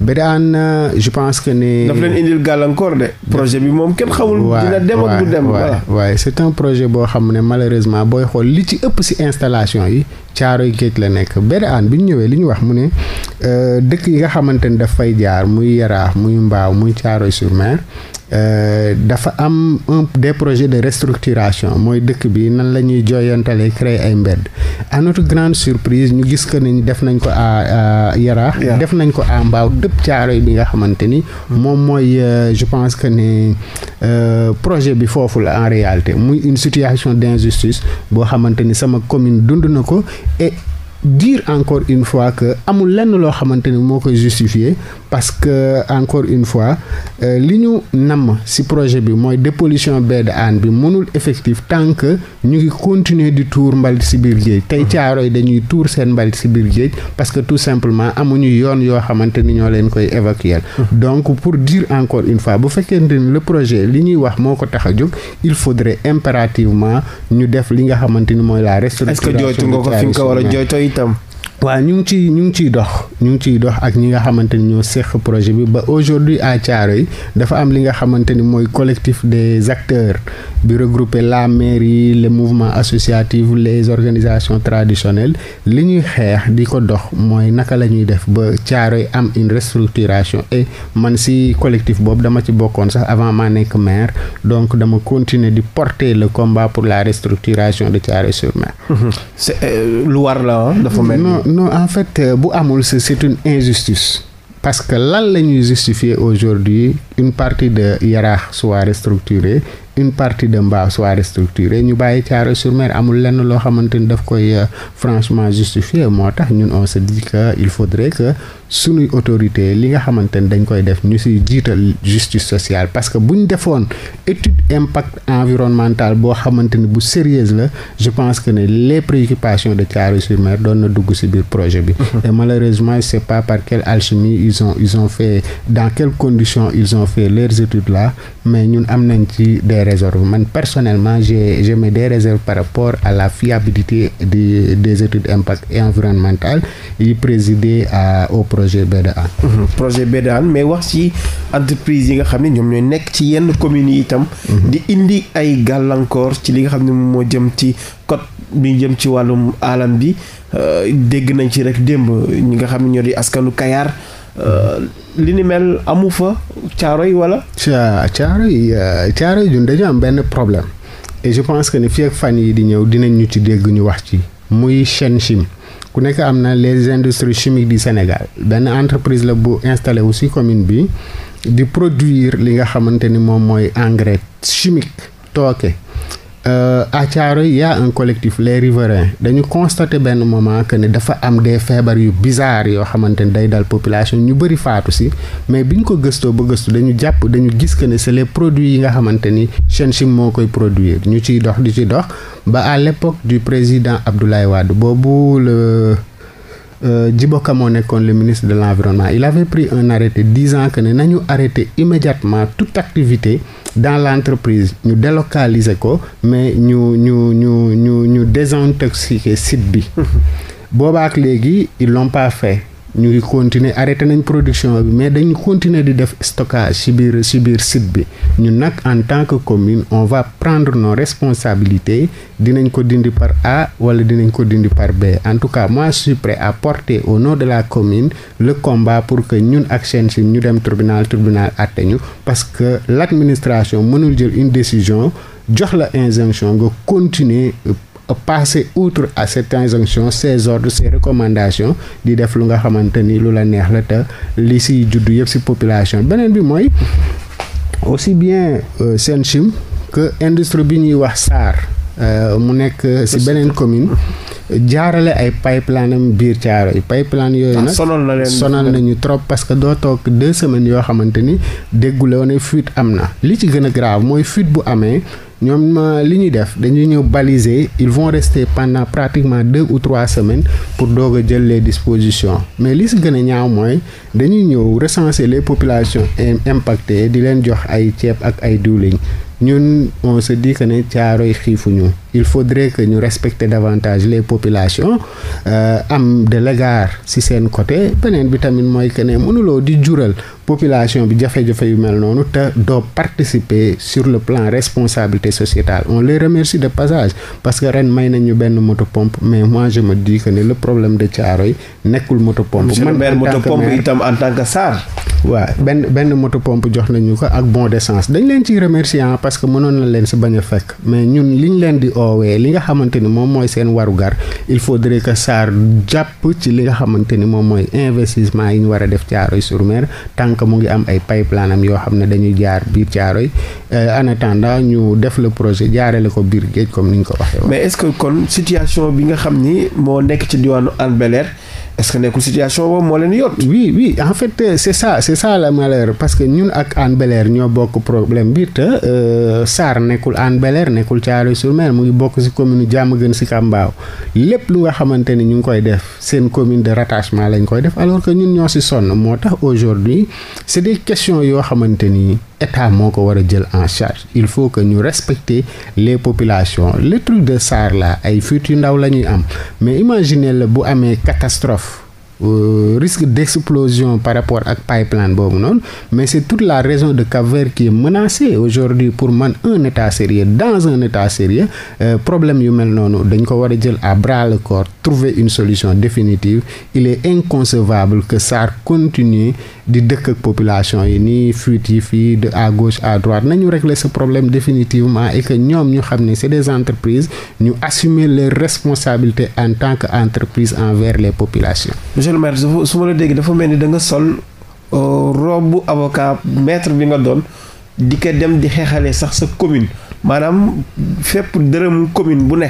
Birane je pense que ne. daf leen indil gàllankoor de. projet bi moom kenn xamul. dina dem du dem voilà. waaye c' est un projet boo xam ne malheureusement booy xool li ci ëpp si installation yi caaroy géej la nekk Birane bi ñu ñëwee li ñu wax mu ne euh, dëkk yi nga xamante ni daf fay jaar muy Yaraax muy Mbaaw muy caaroy sur mer euh, dafa am un des projets de restructuration mooy dëkk bi nan la ñuy jooyantalee créer ay mbedd à notre grande surprise ñu gis que ni def nañ ko à Yaraax. nañ ko à Caaroy bi nga xamante ni moom mooy euh, je pense que ne euh, projet bi foofu la en réalité muy une situation d'injustice boo xamante ni sama commune dund na ko et dire encore une fois que amul lenn loo xamante ni moo koy justifier parce que encore une fois euh, li ñu namm ci projet bi mooy dépollution baie de Hann bi mënul effectif tant que ñu ngi continuer di tuur mbalit ci biir géej tey caaro yi dañuy tuur seen mbalit ci biir géej parce que tout simplement amuñu yoon yoo xamante ni ñoo leen koy évacuer donc pour dire encore une fois bu fekkente ni le projet li ñuy wax moo ko tax a jóg il faudrait impérativement ñu def li nga xamante ni mooy la restructuration там waaw ñu ngi ciy ñu ngi ciy dox ñu ngi ciy dox ak ñi nga xamante ni ñoo seq projet bi ba aujourd'hui à Thiaroye dafa am li nga xamante ni mooy collectif des acteurs bi regrouper la mairie les mouvements associative les organisations traditionnelles li ñuy xeex di ko dox mooy naka la ñuy def ba caaro Thiaroye am une restructuration et man si collectif boobu dama ci bokkoon sax avant maa nekk maire donc dama continuer di porter le combat pour la restructuration de Thiaroye sur Mer. Mm-hmm. Euh, lu war la non en fait euh, bu amul c'est une injustice parce que lan la ñuy justifier aujourd'hui une partie de Yaraax soit restructurée une partie de Mbao soit restructurée ñu bàyyi Thiaroye sur Mer amul lenn loo xamante ni daf koy euh, franchement justifier moo tax ñun on se dit que il faudrait que sunuy autorité li nga xamante ne dañ koy def ñu si jiital justice sociale parce que buñ defoon étude impact environnemental boo xamante ni bu sérieuse la je pense que ne les préoccupations de thiaroye sur doon na dugg si biir projet bi mhm. et malheureusement pas par quelle alchimie ils ont ils ont fait dans quelles conditions ils ont fait mais ñun am nañ ci des réserves man personnellement j'ai j'ai mis des réserves par rapport à la fiabilité des des études impact environnemental yi présidé à au projet BDA. Mhm. projet BDA mais wax ci entreprise yi nga xam ne ñoom ñooy nekk ci yenn communes yi itam. Mhm. di indi ay gàllankoor ci li nga xam ne moom moo jëm ci code bi jëm ci wàllum alam bi euh, dégg nañ ci rek démb ñi nga xam ne ñoo di askanu Kayar. Euh, li ni mel amu fa caaro yi wala. ca caaro yi euh, caaro yi ñun dañu am benn problème et je pense que ni fi ak fan yi di ñëw dinañu ci dégg ñu wax ci muy Shenchim. ku nekk am na les industries chimiques du Sénégal benn entreprise la bu installé aussi commune bi di produire li nga xamante ni moom mooy engrais chimique tooke Euh, à Thiaroye y a un collectif les riverains dañu constaté benn moment que ne dafa am des feebar yu bizarre yoo xamante ne day dal population ñu bëri faatu si mais bi ñu ko gëstoo ba gëstu dañu jàpp dañu gis que ne c'est les produits yi nga xamante ni si moo koy produire ñu ciy dox di ci dox ba à l'époque du président Abdoulaye Wade boobu le euh, Djibo Ka moo nekkoon le ministre de l'environnement il avait pris un arrêté disant que ne nañu arrêté immédiatement toute activité dans l'entreprise ñu délocaliser ko mais ñu ñu ñu ñu ñu désintoxiquer site bi mm-hmm. boobaak léegi ils l'ont pas ñu ngi continuer arrêté nañ production bi mais dañu continuer di def stockage ci biir ci biir site bi ñun nag en tant que commune on va prendre nos responsabilités dinañ ko dindi par A wala dinañ ko dindi par B en tout cas moi je suis prêt à porter au nom de la commune le combat pour que ñun ak si ñu dem tribunal tribunal àtte ñu parce que l'administration mënul jël une décision jox la injonction nga continuer passer outre à cette injonction ces de ces recommandations di def lu nga xamante ni lu la neex la te li si juddu yëpp si population beneen bi mooy aussi bien seen euh, Senchim que industrie bi ñuy wax SAR euh, mu nekk si beneen commune jaarale ay pipeline am biir caaro yi pipeline yooyu ah, nag sonal nañu trop parce que doo toog deux semaines yoo xamante ni déggu la am na li ci gën a grave mooy fuite bu amee ñoom euh, li ñuy def dañuy ñëw baliser ils vont rester pendant pratiquement deux ou trois semaines pour doog a jël les dispositions mais li si gën a ñaaw mooy dañuy ñëw recenser les populations impactées di leen jox ay ceeb ak ay diwlin ñun on se dit que ne Thiaroye xiifuñu il faudrait que ñu respecter davantage les populations euh, am de l'égard ci seen côté beneen bi tamit mooy que ne mënuloo di jural population bi jafe-jafe yu mel noonu te doo participer sur le plan responsabilité sociétale on les remercie de passage parce que ren may ñu benn moto pompe mais mois je me dis que ne le problème de Thiaroye nekkul moto pompe man moto pompe itam en tant que SAR benn benn moto pompe jox nañu ko ak bon d'essence dañ parce que mënoon na leen si bañ a fekk mais ñun li ñu leen di oowee li nga xamante ni moom mooy seen warugar il faudrait que SAR jàpp ci li nga xamante ni moom mooy investissement yi ñu war a def Thiaroye sur Mer tant que mu ngi am ay pipeline am yoo xam ne dañuy jaar biir Thiaroye euh, en attendant ñu def le projet jaarale ko biir géej comme ni ñu ko waxee. mais est-ce que kon situation bi nga xam ni moo nekk ci diwaanu Hann bel est-ce que nekkul situation boobu moo leen yott. oui oui en fait euh, c'est ça c'est ça le malheur parce que ñun ak Hann bel ñoo bokk problème bi te euh, Sarr nekkul Hann Bel-Air nekkul Thiaroye-sur-Mer mu ngi bokk ci commune Diamaguène si Mbao lépp lu nga xamante ni ñu ngi koy def seen commune de rattachement lañ koy def alors que ñun ñoo ci sonn moo tax aujourd'hui c'est des questions yoo xamante ni. état moo ko war a jël en charge il faut que ñu respecter les populations le truc de SAR là ay fuite yu ndaw la ñuy am mais imaginez la bu amee catastrophe Euh, risque d'explosion par rapport ak pipeline boobu noonu mais c'est tout la région de Cap-Vert qui est menacée aujourd'hui pour man un état sérieux dans un état sérieux euh, problème yu mel noonu dañ ko war a jël à bras le corps trouver une solution définitive il est inconsevable que sar continue di dëkk ak population yi nii fuitif yi de à gauche à droite nañu régler sa problème définitivement et que ñoom ñu xam ni c'est des entreprises ñu assumer les responsabilités en tant que entreprise envers les populations. monsieur le maire su ma la dégg dafa mel ni da nga sol euh, robu avocat maître bi nga doon di ko dem di xeexalee sax sa commune maanaam fépp dërëm commune bu ne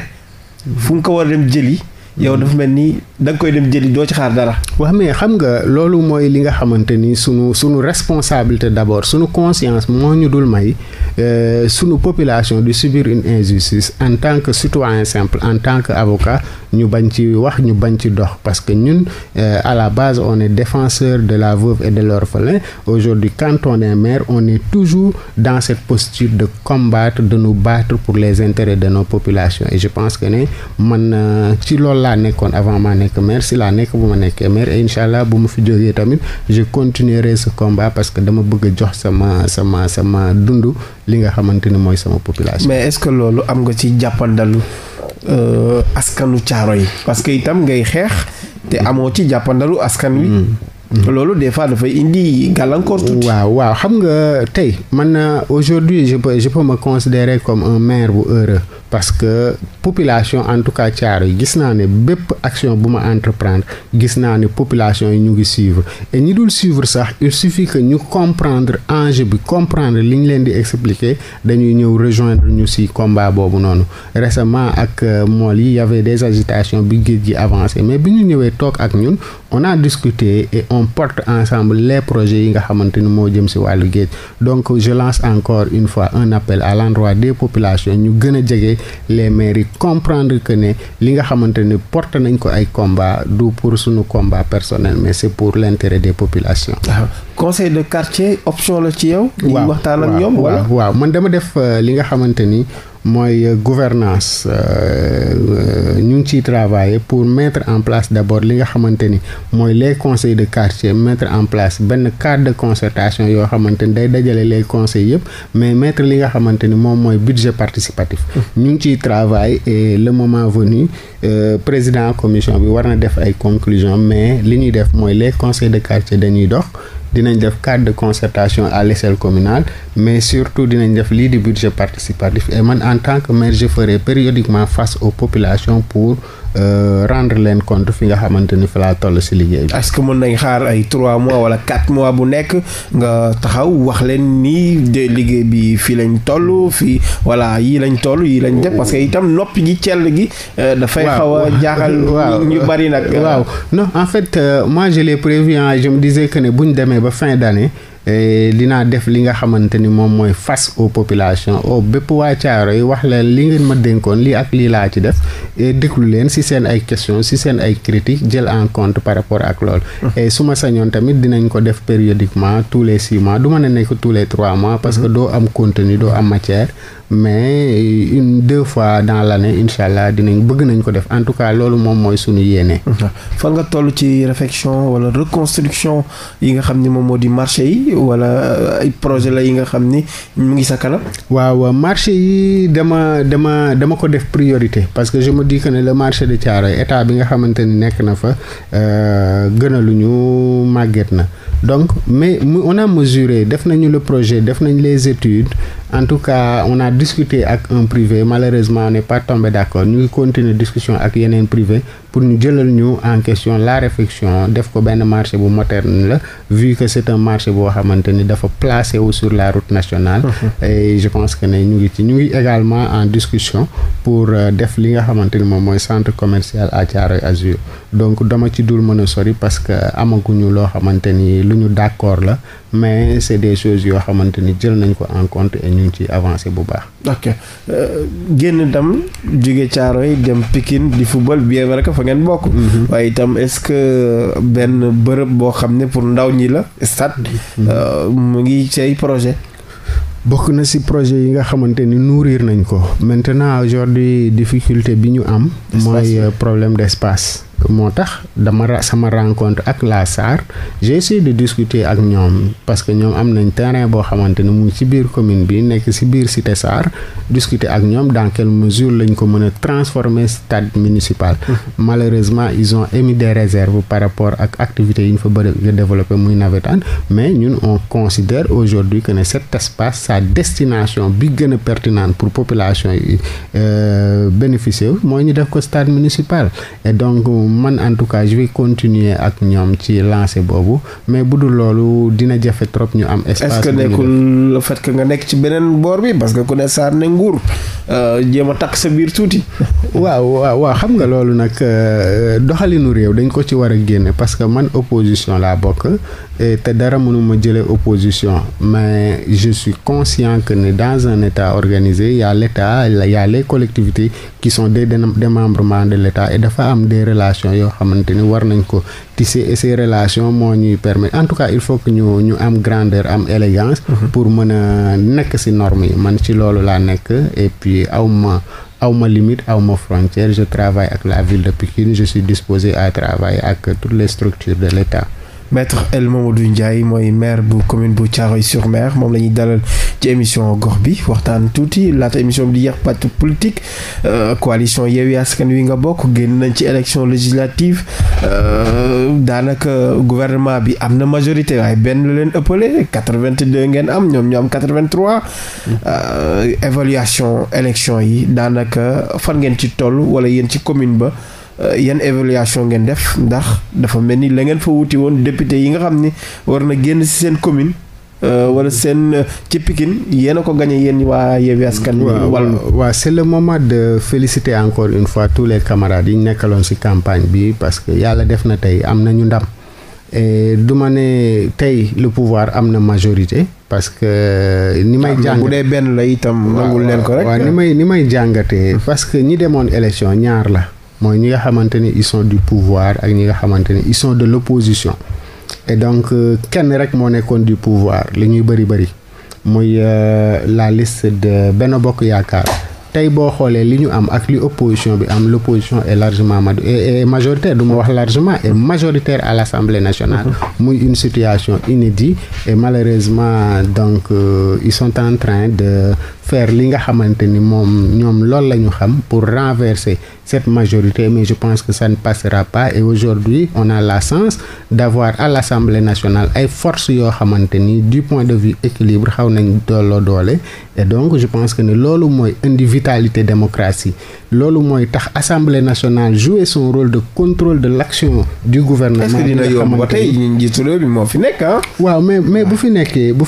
fu nga ko war a dem jëli. yow dafa mel ni da nga koy dem jëli doo ci xaar dara. wax mais xam nga loolu mooy li nga xamante ni sunu sunu responsabilité d'abord sunu conscience moo ñu dul may euh, sunu population di subir une injustice en tant que citoyen simple en tant que avocat ñu bañ ci wax ñu bañ ci dox parce que ñun euh, à la base on est défenseur de la veuve et de l'orphelin aujourd'hui quand on est maire on est toujours dans cette posture de combattre de nous battre pour les intérêts de nos populations je pense que ne man euh, ci loolu laa nekkoon avant ma nekk maire si laa nekk bu ma nekkee maire et allah bu ma fi jógee tamit je continuerai ce combat parce que dama bëgg a jox sama sama sama dund li nga xamante ni mooy sama population. mais est-ce que loolu am nga ci jàppandalu euh, askanu caaro yi. parce que itam ngay xeex te amoo ci jàppandalu askan wi. Mm. Mm. loolu des fois dafay indi gàllankoor tuuti. waaw waaw xam nga tey man euh, aujourd'hui je peux ma peux me considérer comme un maire bu heureux. parce que population en tout cas Thiaroye yi gis naa ne bépp action bu ma entreprendre gis naa ne population yi ñu ngi suivre et ñi dul suivre sax il suffit que ñu comprendre enjeu bi comprendre li ñu leen di expliquer dañuy ñëw rejoindre ñu ci combat boobu noonu récemment ak euh, mool yi y des agitations bi géej gi avancé mais bi ñu ñëwee toog ak ñun on a discuté et on porte ensemble les projets yi nga xamante ni moo jëm ci wàll géej donc je lance encore une fois un appel à des populations ñu gën a jege les mairies comprendre que ne li nga xamante ni porte nañ ko ay combat du pour suñu combat personnel mais c'est pour l'intérêt des populations. Ah. conseil de quartier option la ci yow. waaw waxtaan ak ñoom wala waaw man dama def euh, li nga xamante ni. mooy gouvernance euh, euh, ñu ngi ciy travailler pour mettre en place d' abord li nga xamante ni mooy les conseils de quartier mettre en place benn cadre de concertation yoo xamante ni day dajale les conseils yëpp mais mettre li nga xamante ni moom mooy budget participatif ñu ngi ciy travail et le moment venu euh, président commission bi war na def ay conclusions mais li ñuy def mooy les conseil de quartier dañuy dox dinañ def cadre de concertation à l'échelle communale mais surtout dinañ def lii di budget participatif et man en tant que maire je périodiquement face aux populations pour Euh, rendre leen compte fi nga xamante ni fi laa toll si liggéey bi. est que mën nañ xaar ay trois mois wala quatre mois bu nekk nga taxaw wax leen nii de liggéey bi fii lañ toll fii voilà yii lañ toll yii lañ def parce que itam noppi gi cell gi. Euh, dafay xaw a jaaxal. ñu bari nag. waaw non en fait euh, moi je l'ai prévu que ne bu ñu demee ba fin d'année. Eh, dinaa def li nga xamante ni moom mooy fas aux population au bépp waa Thiaroye yi wax leen li ngeen ma dénkoon lii ak lii laa ci def et eh, déglu leen si seen ay questions si seen ay critiques jël en compte par rapport ak loolu. Mm. Eh, suma sañoon tamit dinañ ko def périodiquement tous les six mois du ma ne nekk tous les trois mois. parce que mm. doo am contenu doo am matière. mais une deux fois dans l'année incha allah dinañ bëgg nañ ko def en tout cas loolu moom mooy suñu yéene. Mm-hmm. fan nga toll ci réflexion wala reconstruction yi nga xam ni moom moo di marché yi. yi wala ay projet la yi nga xam ni mu ngi sa kanam. waaw marché yi dama dama dama ko def priorité parce que je me dis que ne le marché de Thiaroye état bi nga xamante ni nekk na fa euh, gën a ñu màgget na donc mais on a mesuré def nañu le projet def nañ les études. en tout cas on a discuté ak un privé malheureusement on n'est pas tombé d'accord ñu ngi continuer discussion ak yeneen privé pour ñu jëlal ñu en question la réflexion def ko benn marché bu moderne la vu que c'est un marché boo xamante ni dafa placé wu sur la route nationale (laughs) je pense que ne ñu ngi ci ñu ngi également en discussion pour euh, def li nga xamante ni moom mooy centre commercial à Thiaroye Azur donc dama ci dul mëna sori parce que amaguñu loo xamante ni lu ñu d'accord la mais c' est des choses yoo xamante ni jël nañ ko en compte ñu ngi ciy avancé bu baax. ok euh, génn dam jóge Caaroy dem Pikine di football bien vrai que fa ngeen bokk. Mhm. waaye itam est ce que benn bërëb boo xam ne pour ndaw ñi la stade. Mhm. Euh, mu ngi say projet. bokk na ci projet yi nga xamante ni nourrir nañ ko maintenant aujourd'hui difficulté bi ñu am. mooy euh, problème d' espace. moo tax dama sama rencontre ak la SAR j'ai de discuter ak ñoom parce que ñoom am nañ terrain boo xamante ne mu ngi ci biir commune bi nekk ci biir cité SAR discuter ak ñoom dans quelle mesure lañ ko mën a transformer stade municipal. malheureusement ils ont émis des réserves par rapport ak activité yi ñu fa bëri a développé muy navétane mais ñun on considère aujourd'hui que ne cet espace sa destination bi gën a pertinente pour population yi euh, bénéficier mooy man en tout cas je vais continuer ak ñoom ci lancé boobu mais bu dul loolu dina jafe trop ñu am. espace est-ce que nga nekk ci beneen boor bi parce que ku ne saar ne nguur euh, jéem a takk sa biir tuuti. (laughs) waaw waaw waaw xam nga loolu nag euh, doxalinu réew dañ ko ci war a génne parce que man opposition laa bokk te dara mënuma jëlee opposition mais je suis conscient que ni dans un état organisé il y a l'État il y a les collectivités qui sont des démembrements de l'État dafa am des relations. relation yoo xamante ni war nañ ko tisser et ces relation moo ñuy permettre en tout cas il faut que ñu ñu am grandeur am élégance mhm. pour mën a nekk ci normes yi man ci loolu laa nekk et puis awma awma limite awma frontière je travaille ak la ville de Pikine je suis disposé à travailler ak toutes les structures de l'État maitre El Mamadou Ndiaye mooy maire bu commune bu thiaroye sur maire moom la ñuy dalal ci émission gox bi waxtaan tuuti laata émission bi di yéex parti politique euh, coalition Yewwi Askan Wi nga bokk génn nañ ci élection législative euh, daanaka gouvernement bi am na majorité waaye benn la leen ëppale 82 ngeen am ñoom ñu am 83 euh, évaluation élection yi daanaka fan ngeen ci toll wala yéen ci commune ba. Euh, yan évaluation ngeen def ndax dafa mel ni la ngeen fa wuti woon député yi nga xam ni war na génn si seen commune euh, wala seen euh, ci Pikine yéen a ko gagné yéen waa Yewwi Askan Wi wàllu waa c'est le moment de féliciter encore une fois tous les camarades yi ñu nekkaloon ci campagne bi parce que yàlla def na tey am na ñu ndam du ma ne tey le pouvoir am na majorité parce que ni may ah, jàng benn la itam leen ko rek may ni may jàngatee parce que ñi demoon élection ñaar la mooy ñi nga xamante ni ils sont du pouvoir ak ñi nga xamante ni ils sont de l'opposition et donc euh, kenn rek moo nekkoon du pouvoir li ñuy bëri bëri muy euh, la liste de benn Bokk Yaakaar tey boo xoolee li ñu am ak li opposition bi am l'opposition est largement ma et majoritaire du ma wax largement est majoritaire à l'Assemblée nationale mm-hmm. muy une situation inédite et malheureusement donc euh, ils sont en train de faire li nga xamante ni moom ñoom loolu la ñu xam pour renverser cette majorité mais je pense que ça ne passera pas et aujourd'hui on a la chance d'avoir à l'Assemblée nationale ay forces yoo xamante ni du point de vue équilibre xaw nañ dooloo doole et donc je pense que ne loolu mooy indi vitalité démocratie loolu mooy tax Assemblée nationale jouer son rôle de contrôle de l'action du gouvernement. est-ce que dina yomb ba tey njiitu réew mi moo fi nekk ah. waaw mais mais bu fi nekkee bu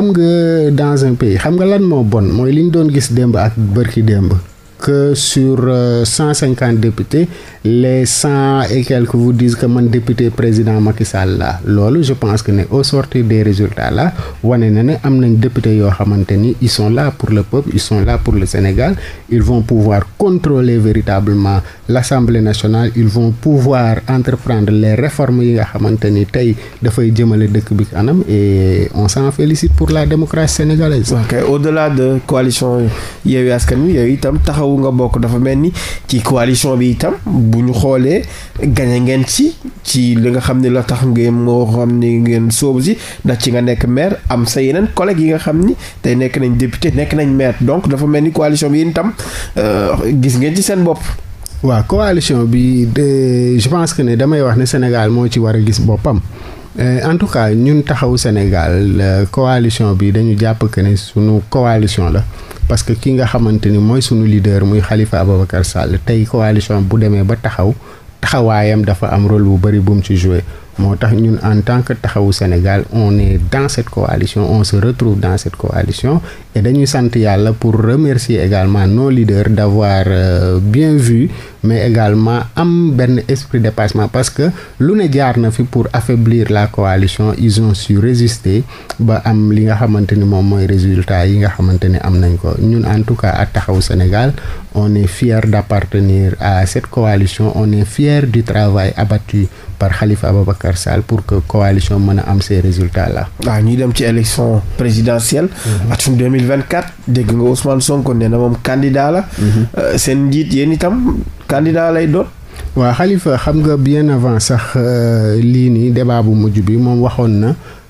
nga dans un pays moo bon. mooy li ñu doon gis démb ak bërki démb que sur euh, cent cinquante députés les cent et quelques vous que man député président Macky Sall la loolu je pense que ne au sorti des résultats la wane na ne am nañ député yoo xamante ni ils sont là pour le peuple ils sont là pour le Sénégal ils vont pouvoir contrôler véritablement l'Assemblée nationale ils vont pouvoir entreprendre les réformes yi nga xamante ni tey dafay jëmale dëkk bi kanam et on s'en félicite pour la démocratie sénégalaise. ok au-delà de coalition Yewwi Askan yooyu itam taxawu nga bokk dafa mel ni ci coalition bi itam bu ñu xoolee gañe ngeen si ci li nga xam ne la tax ngeen moo xam ni ngeen sóobu si ndax ci nga nekk maire am sa yeneen collègue yi nga xam ni tey nekk nañ député nekk nañ maire donc dafa mel ni coalition bi yéen itam euh, gis ngeen ci seen bopp. waaw coalition bi de je pense que ne damay wax ne Sénégal moo ci war a gis boppam euh, en tout cas ñun taxawu Sénégal euh, coalition bi dañu jàpp que ne sunu coalition la. parce que ki nga xamante ni mooy sunu leader muy Khalifa Ababacar Sall tey coalition bu demee ba taxaw taxawaayam dafa am rôle bu bëri bu ci joué moo tax ñun en tant que taxawu Sénégal on est dans cette coalition on se retrouve dans cette coalition et dañuy sant yàlla pour remercier également nos leaders d'avoir euh, bien vu mais également am benn esprit dépassement parce que lu ne jaar na fi pour affaiblir la coalition ils ont su résister ba am li nga xamante ni moom mooy résultat yi nga xamante ni am nañ ko ñun en tout cas ak taxawu Sénégal on est fier d'appartenir à cette coalition on est fier du travail abattu par Khalifa Ababacar Sall pour que coalition mën a am see résultats la ah, waaw ñuy dem ci élection présidentielle. Mhm. atum 2024 dégg nga Ousmane Sonko nee na moom candidat la. Mhm. Euh, seen njiit yéen itam candidat lay doon. waa xalifa xam nga bien avant sax euh, lii nii débat bu mujj bi moom waxoon na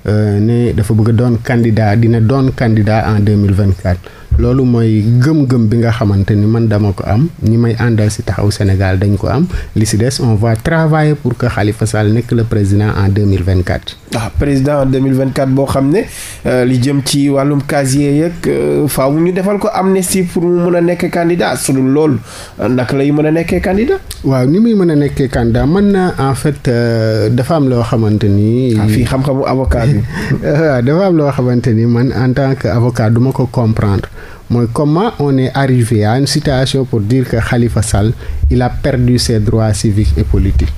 euh, ne dafa bëgg doon candidat dina doon candidat en 2024. loolu mooy gëm-gëm bi nga xamante ni man dama ko am ñi may àndal si taxaw Sénégal dañ ko am li si des on va travailler pour que xalifa Sall nekk le président en 2024 ah président en 2024 boo xam ne euh, li jëm ci wàllum casier yeeg euh, faaw ñu defal ko amnistie pour mu mën a nekk candidat su dul loolu naka lay mën a nekkee candidat waaw ni muy mën a nekkee candidat mën na en fait euh, dafa am loo xamante ni ah, fii xam-xamu avocat bi (laughs) waaw dafa am loo xamante ni man en tant que avocat duma ko comprendre mooy comment on est arrivé à une situation pour dire que Khalifa Sall il a perdu ses droits civiques et politiques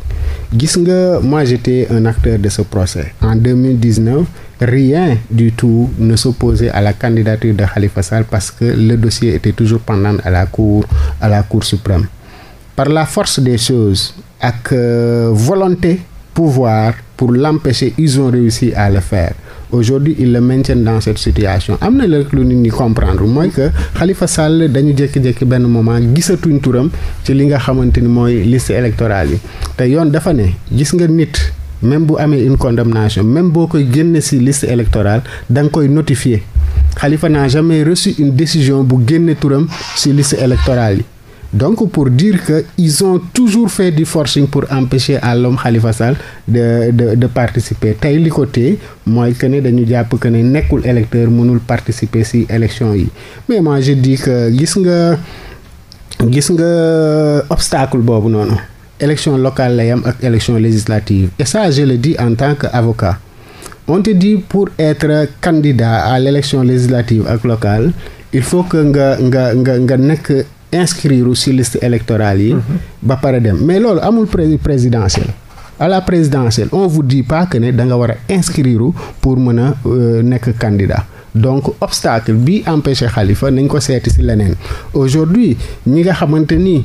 gis nga moi j'étais un acteur de ce procès en 2019 rien du tout ne s'opposait à la candidature de Khalifa Sall parce que le dossier était toujours pendant à la cour à la cour suprême par la force des choses ak euh, volonté pouvoir pour l'empêcher ils ont réussi à le faire aujourd'hui ils le maintiennent dans cette situation am na léegi lu nit ñi comprendre mooy que xalifa Sall dañu jékki-jékki benn moment gisatuñ turam ci li nga xamante ni mooy liste électorale yi te yoon dafa ne gis nga nit même bu amee une condamnation même boo koy génne ci liste électorale danga koy notifier Khalifa n'a jamais reçu une décision bu génnee turam ci liste électorale yi donc pour dire que ils ont toujours fait di forcing pour empêcher à l'homme Khalifa Sall de de de participer tey li ko téye mooy que ne dañu jàpp que ne nekkul électeur mënul participer ci élection yi mais moi je dis que gis nga gis nga obstacle boobu noonu élection locale la yam ak élection législative et ça je le di en tant que on te di pour être candidat à l'élection législative ak locale il faut que nga nga nga nga nekk inscrire ci liste électorale yi. Mhm. ba pare dem mais loolu amul pré présidentiel. à la présidentielle on vous di pas que ne da nga war a inscrire pour mën a euh, nekk candidat donc obstacle bi empêché Khalifa nañ ko seeti ci leneen aujourd'hui ñi nga xamante ni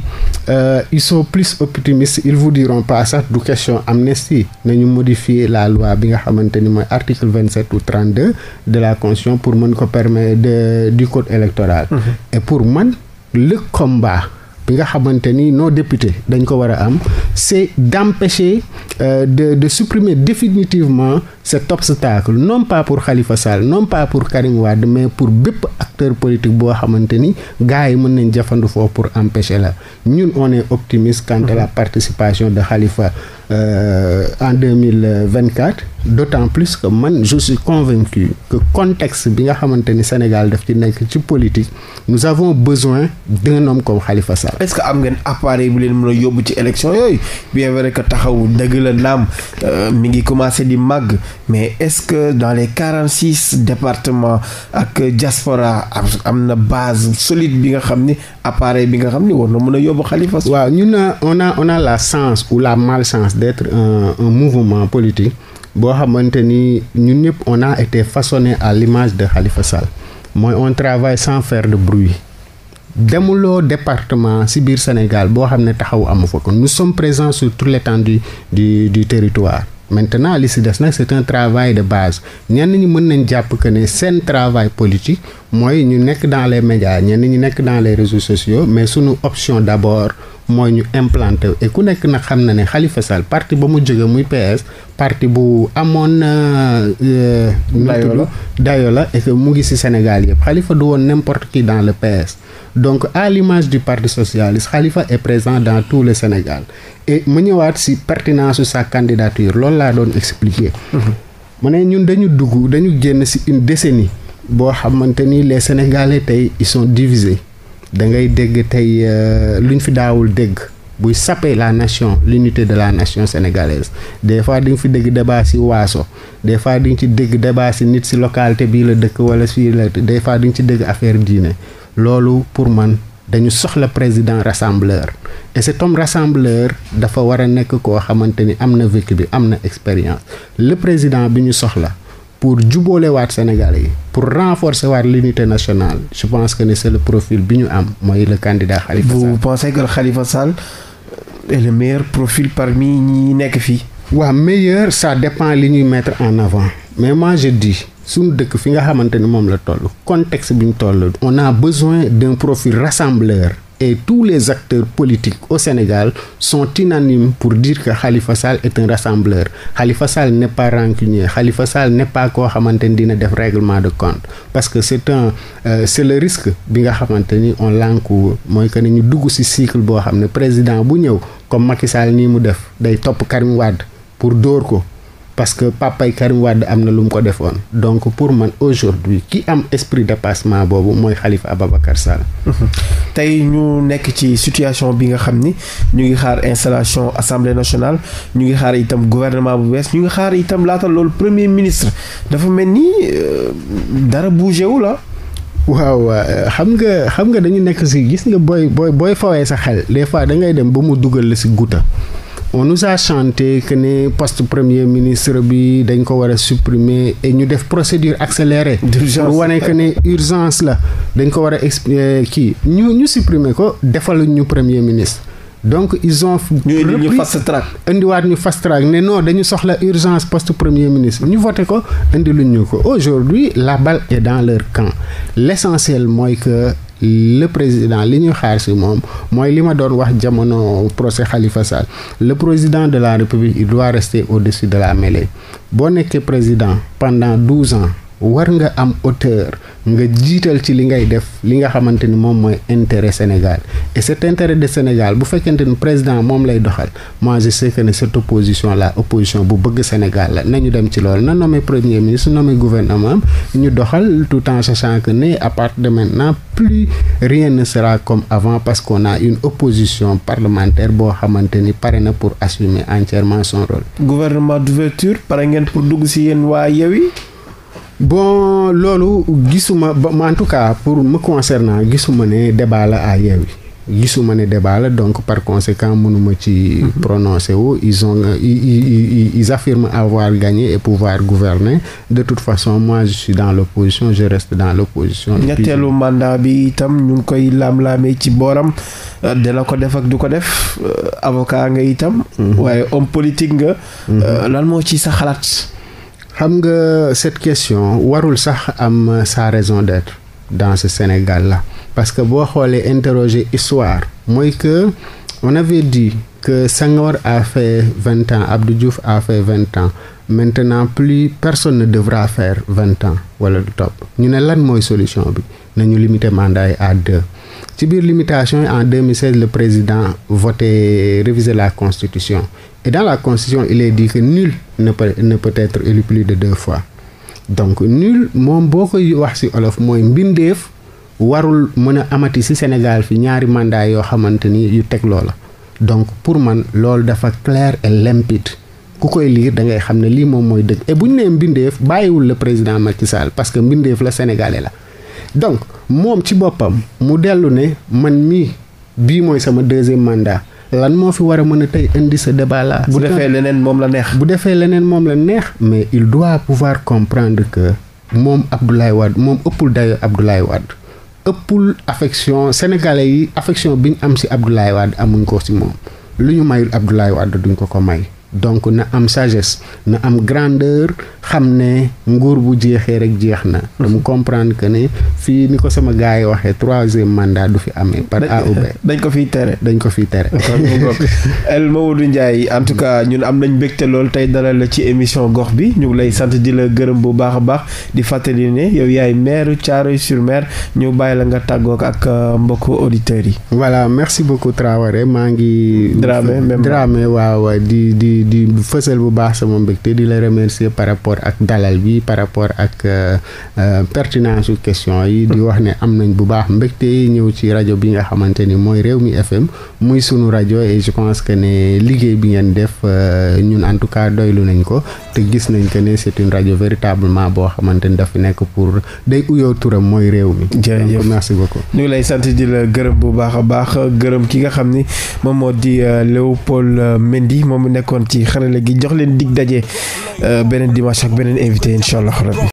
euh, ils sont plus optimistes ils vous diront pas sax du question amnistie nañu modifier la loi bi nga xamante ni mooy article vingt sept ou trente deux de la constitution pour mën ko permettre de du code électoral. Mhm. et pour man. le combat bi nga xamante ni nos députés dañ ko war a am c'est d'empêcher euh, de de supprimer définitivement cet obstacle non pas pour Khalifa Sall nompa pour Karim mais pour bépp acteur politique boo xamante ni gars yi mën nañ jafandu foofu pour empêcher la ñun on est optimiste quant à la participation de xalifa euh, en deux mille vingt quatre d' autant plus que man je suis convaincu que contexte bi nga xamante ni Sénégal daf ci nekk ci politique nous avons besoin d' un homme comme Khalifa Sall. est ce que am ngeen appareil bu leen mën a yóbbu ci élection yooyu vrai que taxaw dëgg la naam euh, mi ngi commencé di màgg mais est ce que dans les quarante six départements ak diaspora am na base solide bi nga xam ni appareil bi nga xam ni war na mën a yóbbu Khalifa Sall. waaw ñun on a on a la chance ou la malchance. d'être un, un mouvement politique boo xamante ni ñun ñëpp on a été façonné à l'image de Khalifa Sall mooy on travaille sans faire de bruit demuloo département ci biir Sénégal boo xam ne taxaw amu fa kon nous sommes présents sur toute l'étendue di di territoire maintenant li ci des nag c'est un travail de base ñenn ñi mën nañ jàpp que ne seen travail politique mooy ñu nekk dans les médias ñenn ñi nekk dans les réseaux sociaux mais sunu option d'abord mooy ñu implanté et ku nekk na xam na ne xalifa Sall parti ba mu jóge muy PS parti bu amoon euh, euh, mutulu dayo la et que mu ngi ci Sénégal yëpp Khalifa du woon n'importe qui dans le PS donc à l'image du parti socialiste Khalifa est présent dans tous les Sénégal et mu ñëwaat ci pertinence sa candidature loolu laa doon expliquer mu mhm. ne ñun dañu dugg dañu génn ci une décennie boo xamante ni les Sénégalais tey ils sont divisés da ngay dégg tey euh, luñ fi daawul dégg buy saper la nation l'unité de la nation sénégalaise des fois di fi dégg débat si waaso des fois di ci dégg débat nit si localité bii la dëkk wala fii la des fois di ci dégg affaire diine loolu pour man dañu soxla président rassembleur et cet homme rassembleur dafa war a nekk koo xamante ni am na vécu bi am na expérience le président bi ñu soxla pour juboolewaat Sénégalais yi pour renforcer waat l'unité nationale je pense que ne c'est le profil bi ñu am mooy le candidat Khalifa Sall. vous pensez que Khalifa Sall est le meilleur profil parmi ñi nekk fii. waaw meilleur ça dépend li ñuy mettre en avant mais moi di suñu dëkk fi nga xamante ni moom la toll contexte bi ñu toll on a besoin d'un profil rassembleur. et tous les acteurs politiques au Sénégal sont unanimes pour dire que xalifa Sall est un rassembleur Khalifa Sall n'est pas xalifa Khalifa néppa n'est pas koo xamante ni dina def réglement de compte parce que c'est un euh, c'est le risque bi nga xamante ni on l'encourt mooy que ni ñu dugg ci cycle boo xam ne président bu ñëw ko Macky Sall nii mu def day topp Karim pour dóor ko parce que papay Karim Wade am na lu mu ko defoon donc pour man aujourd'hui ki am esprit dépassement boobu mooy Khalifa Ababacar Sall mhm. tey ñu nekk ci situation bi nga xam ni ñu ngi xaar installation assemblée nationale ñu ngi xaar itam gouvernement bu bees ñu ngi xaar itam laata loolu premier ministre dafa mel ni euh, dara bougé wu la waaw xam nga xam nga dañu nekk si gis nga booy booy booy fawee sa xel des fois da ngay dem ba mu dugal la si guta on nous a chanté que ne poste premier ministre bi dañ ko war a supprimer et ñu def procédure accélérée. pour wane que ne urgence la dañ ko war a exp euh, kii ñu ñu supprimer ko defaluñ ñu premier ministre. donc ils ont. ñu fast track indiwaat ñu fast track ne non dañu soxla urgence poste premier ministre ñu vote ko indiluñ ñu ko aujourd'hui la balle est dans leur camp l'essentiel mooy que. le président li ñuy xaar si moom mooy li ma doon wax jamono procès Khalifa Sall le président de la République il doit rester au-dessus de la mêlée boo nekkee président pendant douze ans war nga am hauteur nga jiital ci li ngay def li nga xamante ni moom mooy intérêt Sénégal et cet intérêt de Sénégal bu fekkente ni président moom lay doxal mois je sais que ne cette opposition là opposition bu bëgg Sénégal la nañu dem ci loolu na nommé premier ministre nommé gouvernement ñu doxal tout en sachant que ne à partir de maintenant rien ne sera comme avant parce qu'on a une opposition parlementaire boo xamante ni pare na pour assumer entièrement son rôle. gouvernement d'ouverture pare ngeen pour dugg ci yéen waa Yewwi bon loolu gisuma ba en tout cas pour me concernant gisuma ne débat la à Yewwi gisuma ne débat la donc par conséquent mënuma ci mhm. prononcer wu ils ont ils, euh, ils, ils affirment avoir gagné et pouvoir gouverner de toute façon moi je suis dans l'opposition je reste dans l'opposition ñetteelu mandat bi itam ñu ngi koy laam-laamee ci booram euh, dina ko def ak du ko def euh, avocat nga itam mhm. waaye om politique nga mhm. lal moo ci sa xalaat xam nga cette question warul sax am sa raison d'être dans ce Sénégal la parce que boo xoolee interroger histoire mooy que on avait dit que Senghor a fait vingt ans Abdou Diouf a fait vingt ans maintenant plus personne ne devra faire vingt ans wala lu topp ñu ne lan mooy solution bi nañu limiter mandat yi à deux ci biir limitation yi en 2016 le président voté réviser la constitution Et dans la Constitution, il est dit que peut, être élu plus de deux fois. donc nul moom boo koy wax ci olof mooy mbindeef warul mën a amati ci Sénégal fi ñaari mandat yoo xamante ni yu teg loola donc pour man loolu dafa clair et limpide ku koy liir da ngay xam ne lii moom mooy dëgg et bu ñu nee mbindeef bàyyiwul la président Macky Sall parce que mbindeef la sénégalais la donc moom ci boppam mu dellu ne man mii bii mooy sama deuxième mandat lan moo fi war a mën a tey indi sa débat là. bu defee leneen moom la neex. bu defee leneen moom la neex. mais il doit pouvoir comprendre que moom Abdoulaye Wade moom ëppul dayo Abdoulaye Wade ëppul affection sénégalais yi affection bi ñu am ci Abdoulaye Wade amuñ ko ci moom lu ñu mayul Abdoulaye Wade duñ ko ko may. donc na am sagesse na am grandeur xam ne nguur bu jeexee rek jeex na. damu mhm. comprendre que ne fii ni ko sama gars yi waxee troisième mandat du fi amee. par A ou dañ ko fiy tere dañ ko fiy tere. (laughs) El Mamadou Ndiaye en tout cas ñun am nañ mbégte lool tey dalal la ci émission gox bi ñu lay sant di la gërëm bu baax a baax di fàttali ne yow yaay maire Thiaroye-sur-Mer ñu bàyyi la nga tàggoog ak euh, mbokk auditeurs yi. voilà merci beaucoup Traoré maa ngi. Dramé même Dramé waaw di di fësal bu baax sama mbégte di la remercier par rapport ak dalal bi par rapport ak euh, euh, pertinence question yi di wax ne am nañ bu baax mbégte yi ñëw ci rajo bi nga xamante ni mooy réew mi FM muy sunu rajo et je pense que ne liggéey bi ngeen def euh, ñun en tout cas doylu nañ ko te gis nañ que ne c'est une rajo véritablement boo xamante ni dafa nekk pour day uyoo turam mooy réew mi jërëjëf merci beaucoup ñu lay sant di la gërëm bu baax a baax gërëm ki nga xam ni moom moo di ci xarale gi jox leen dig daje euh, beneen dimanche ak beneen invité incha allah rabbi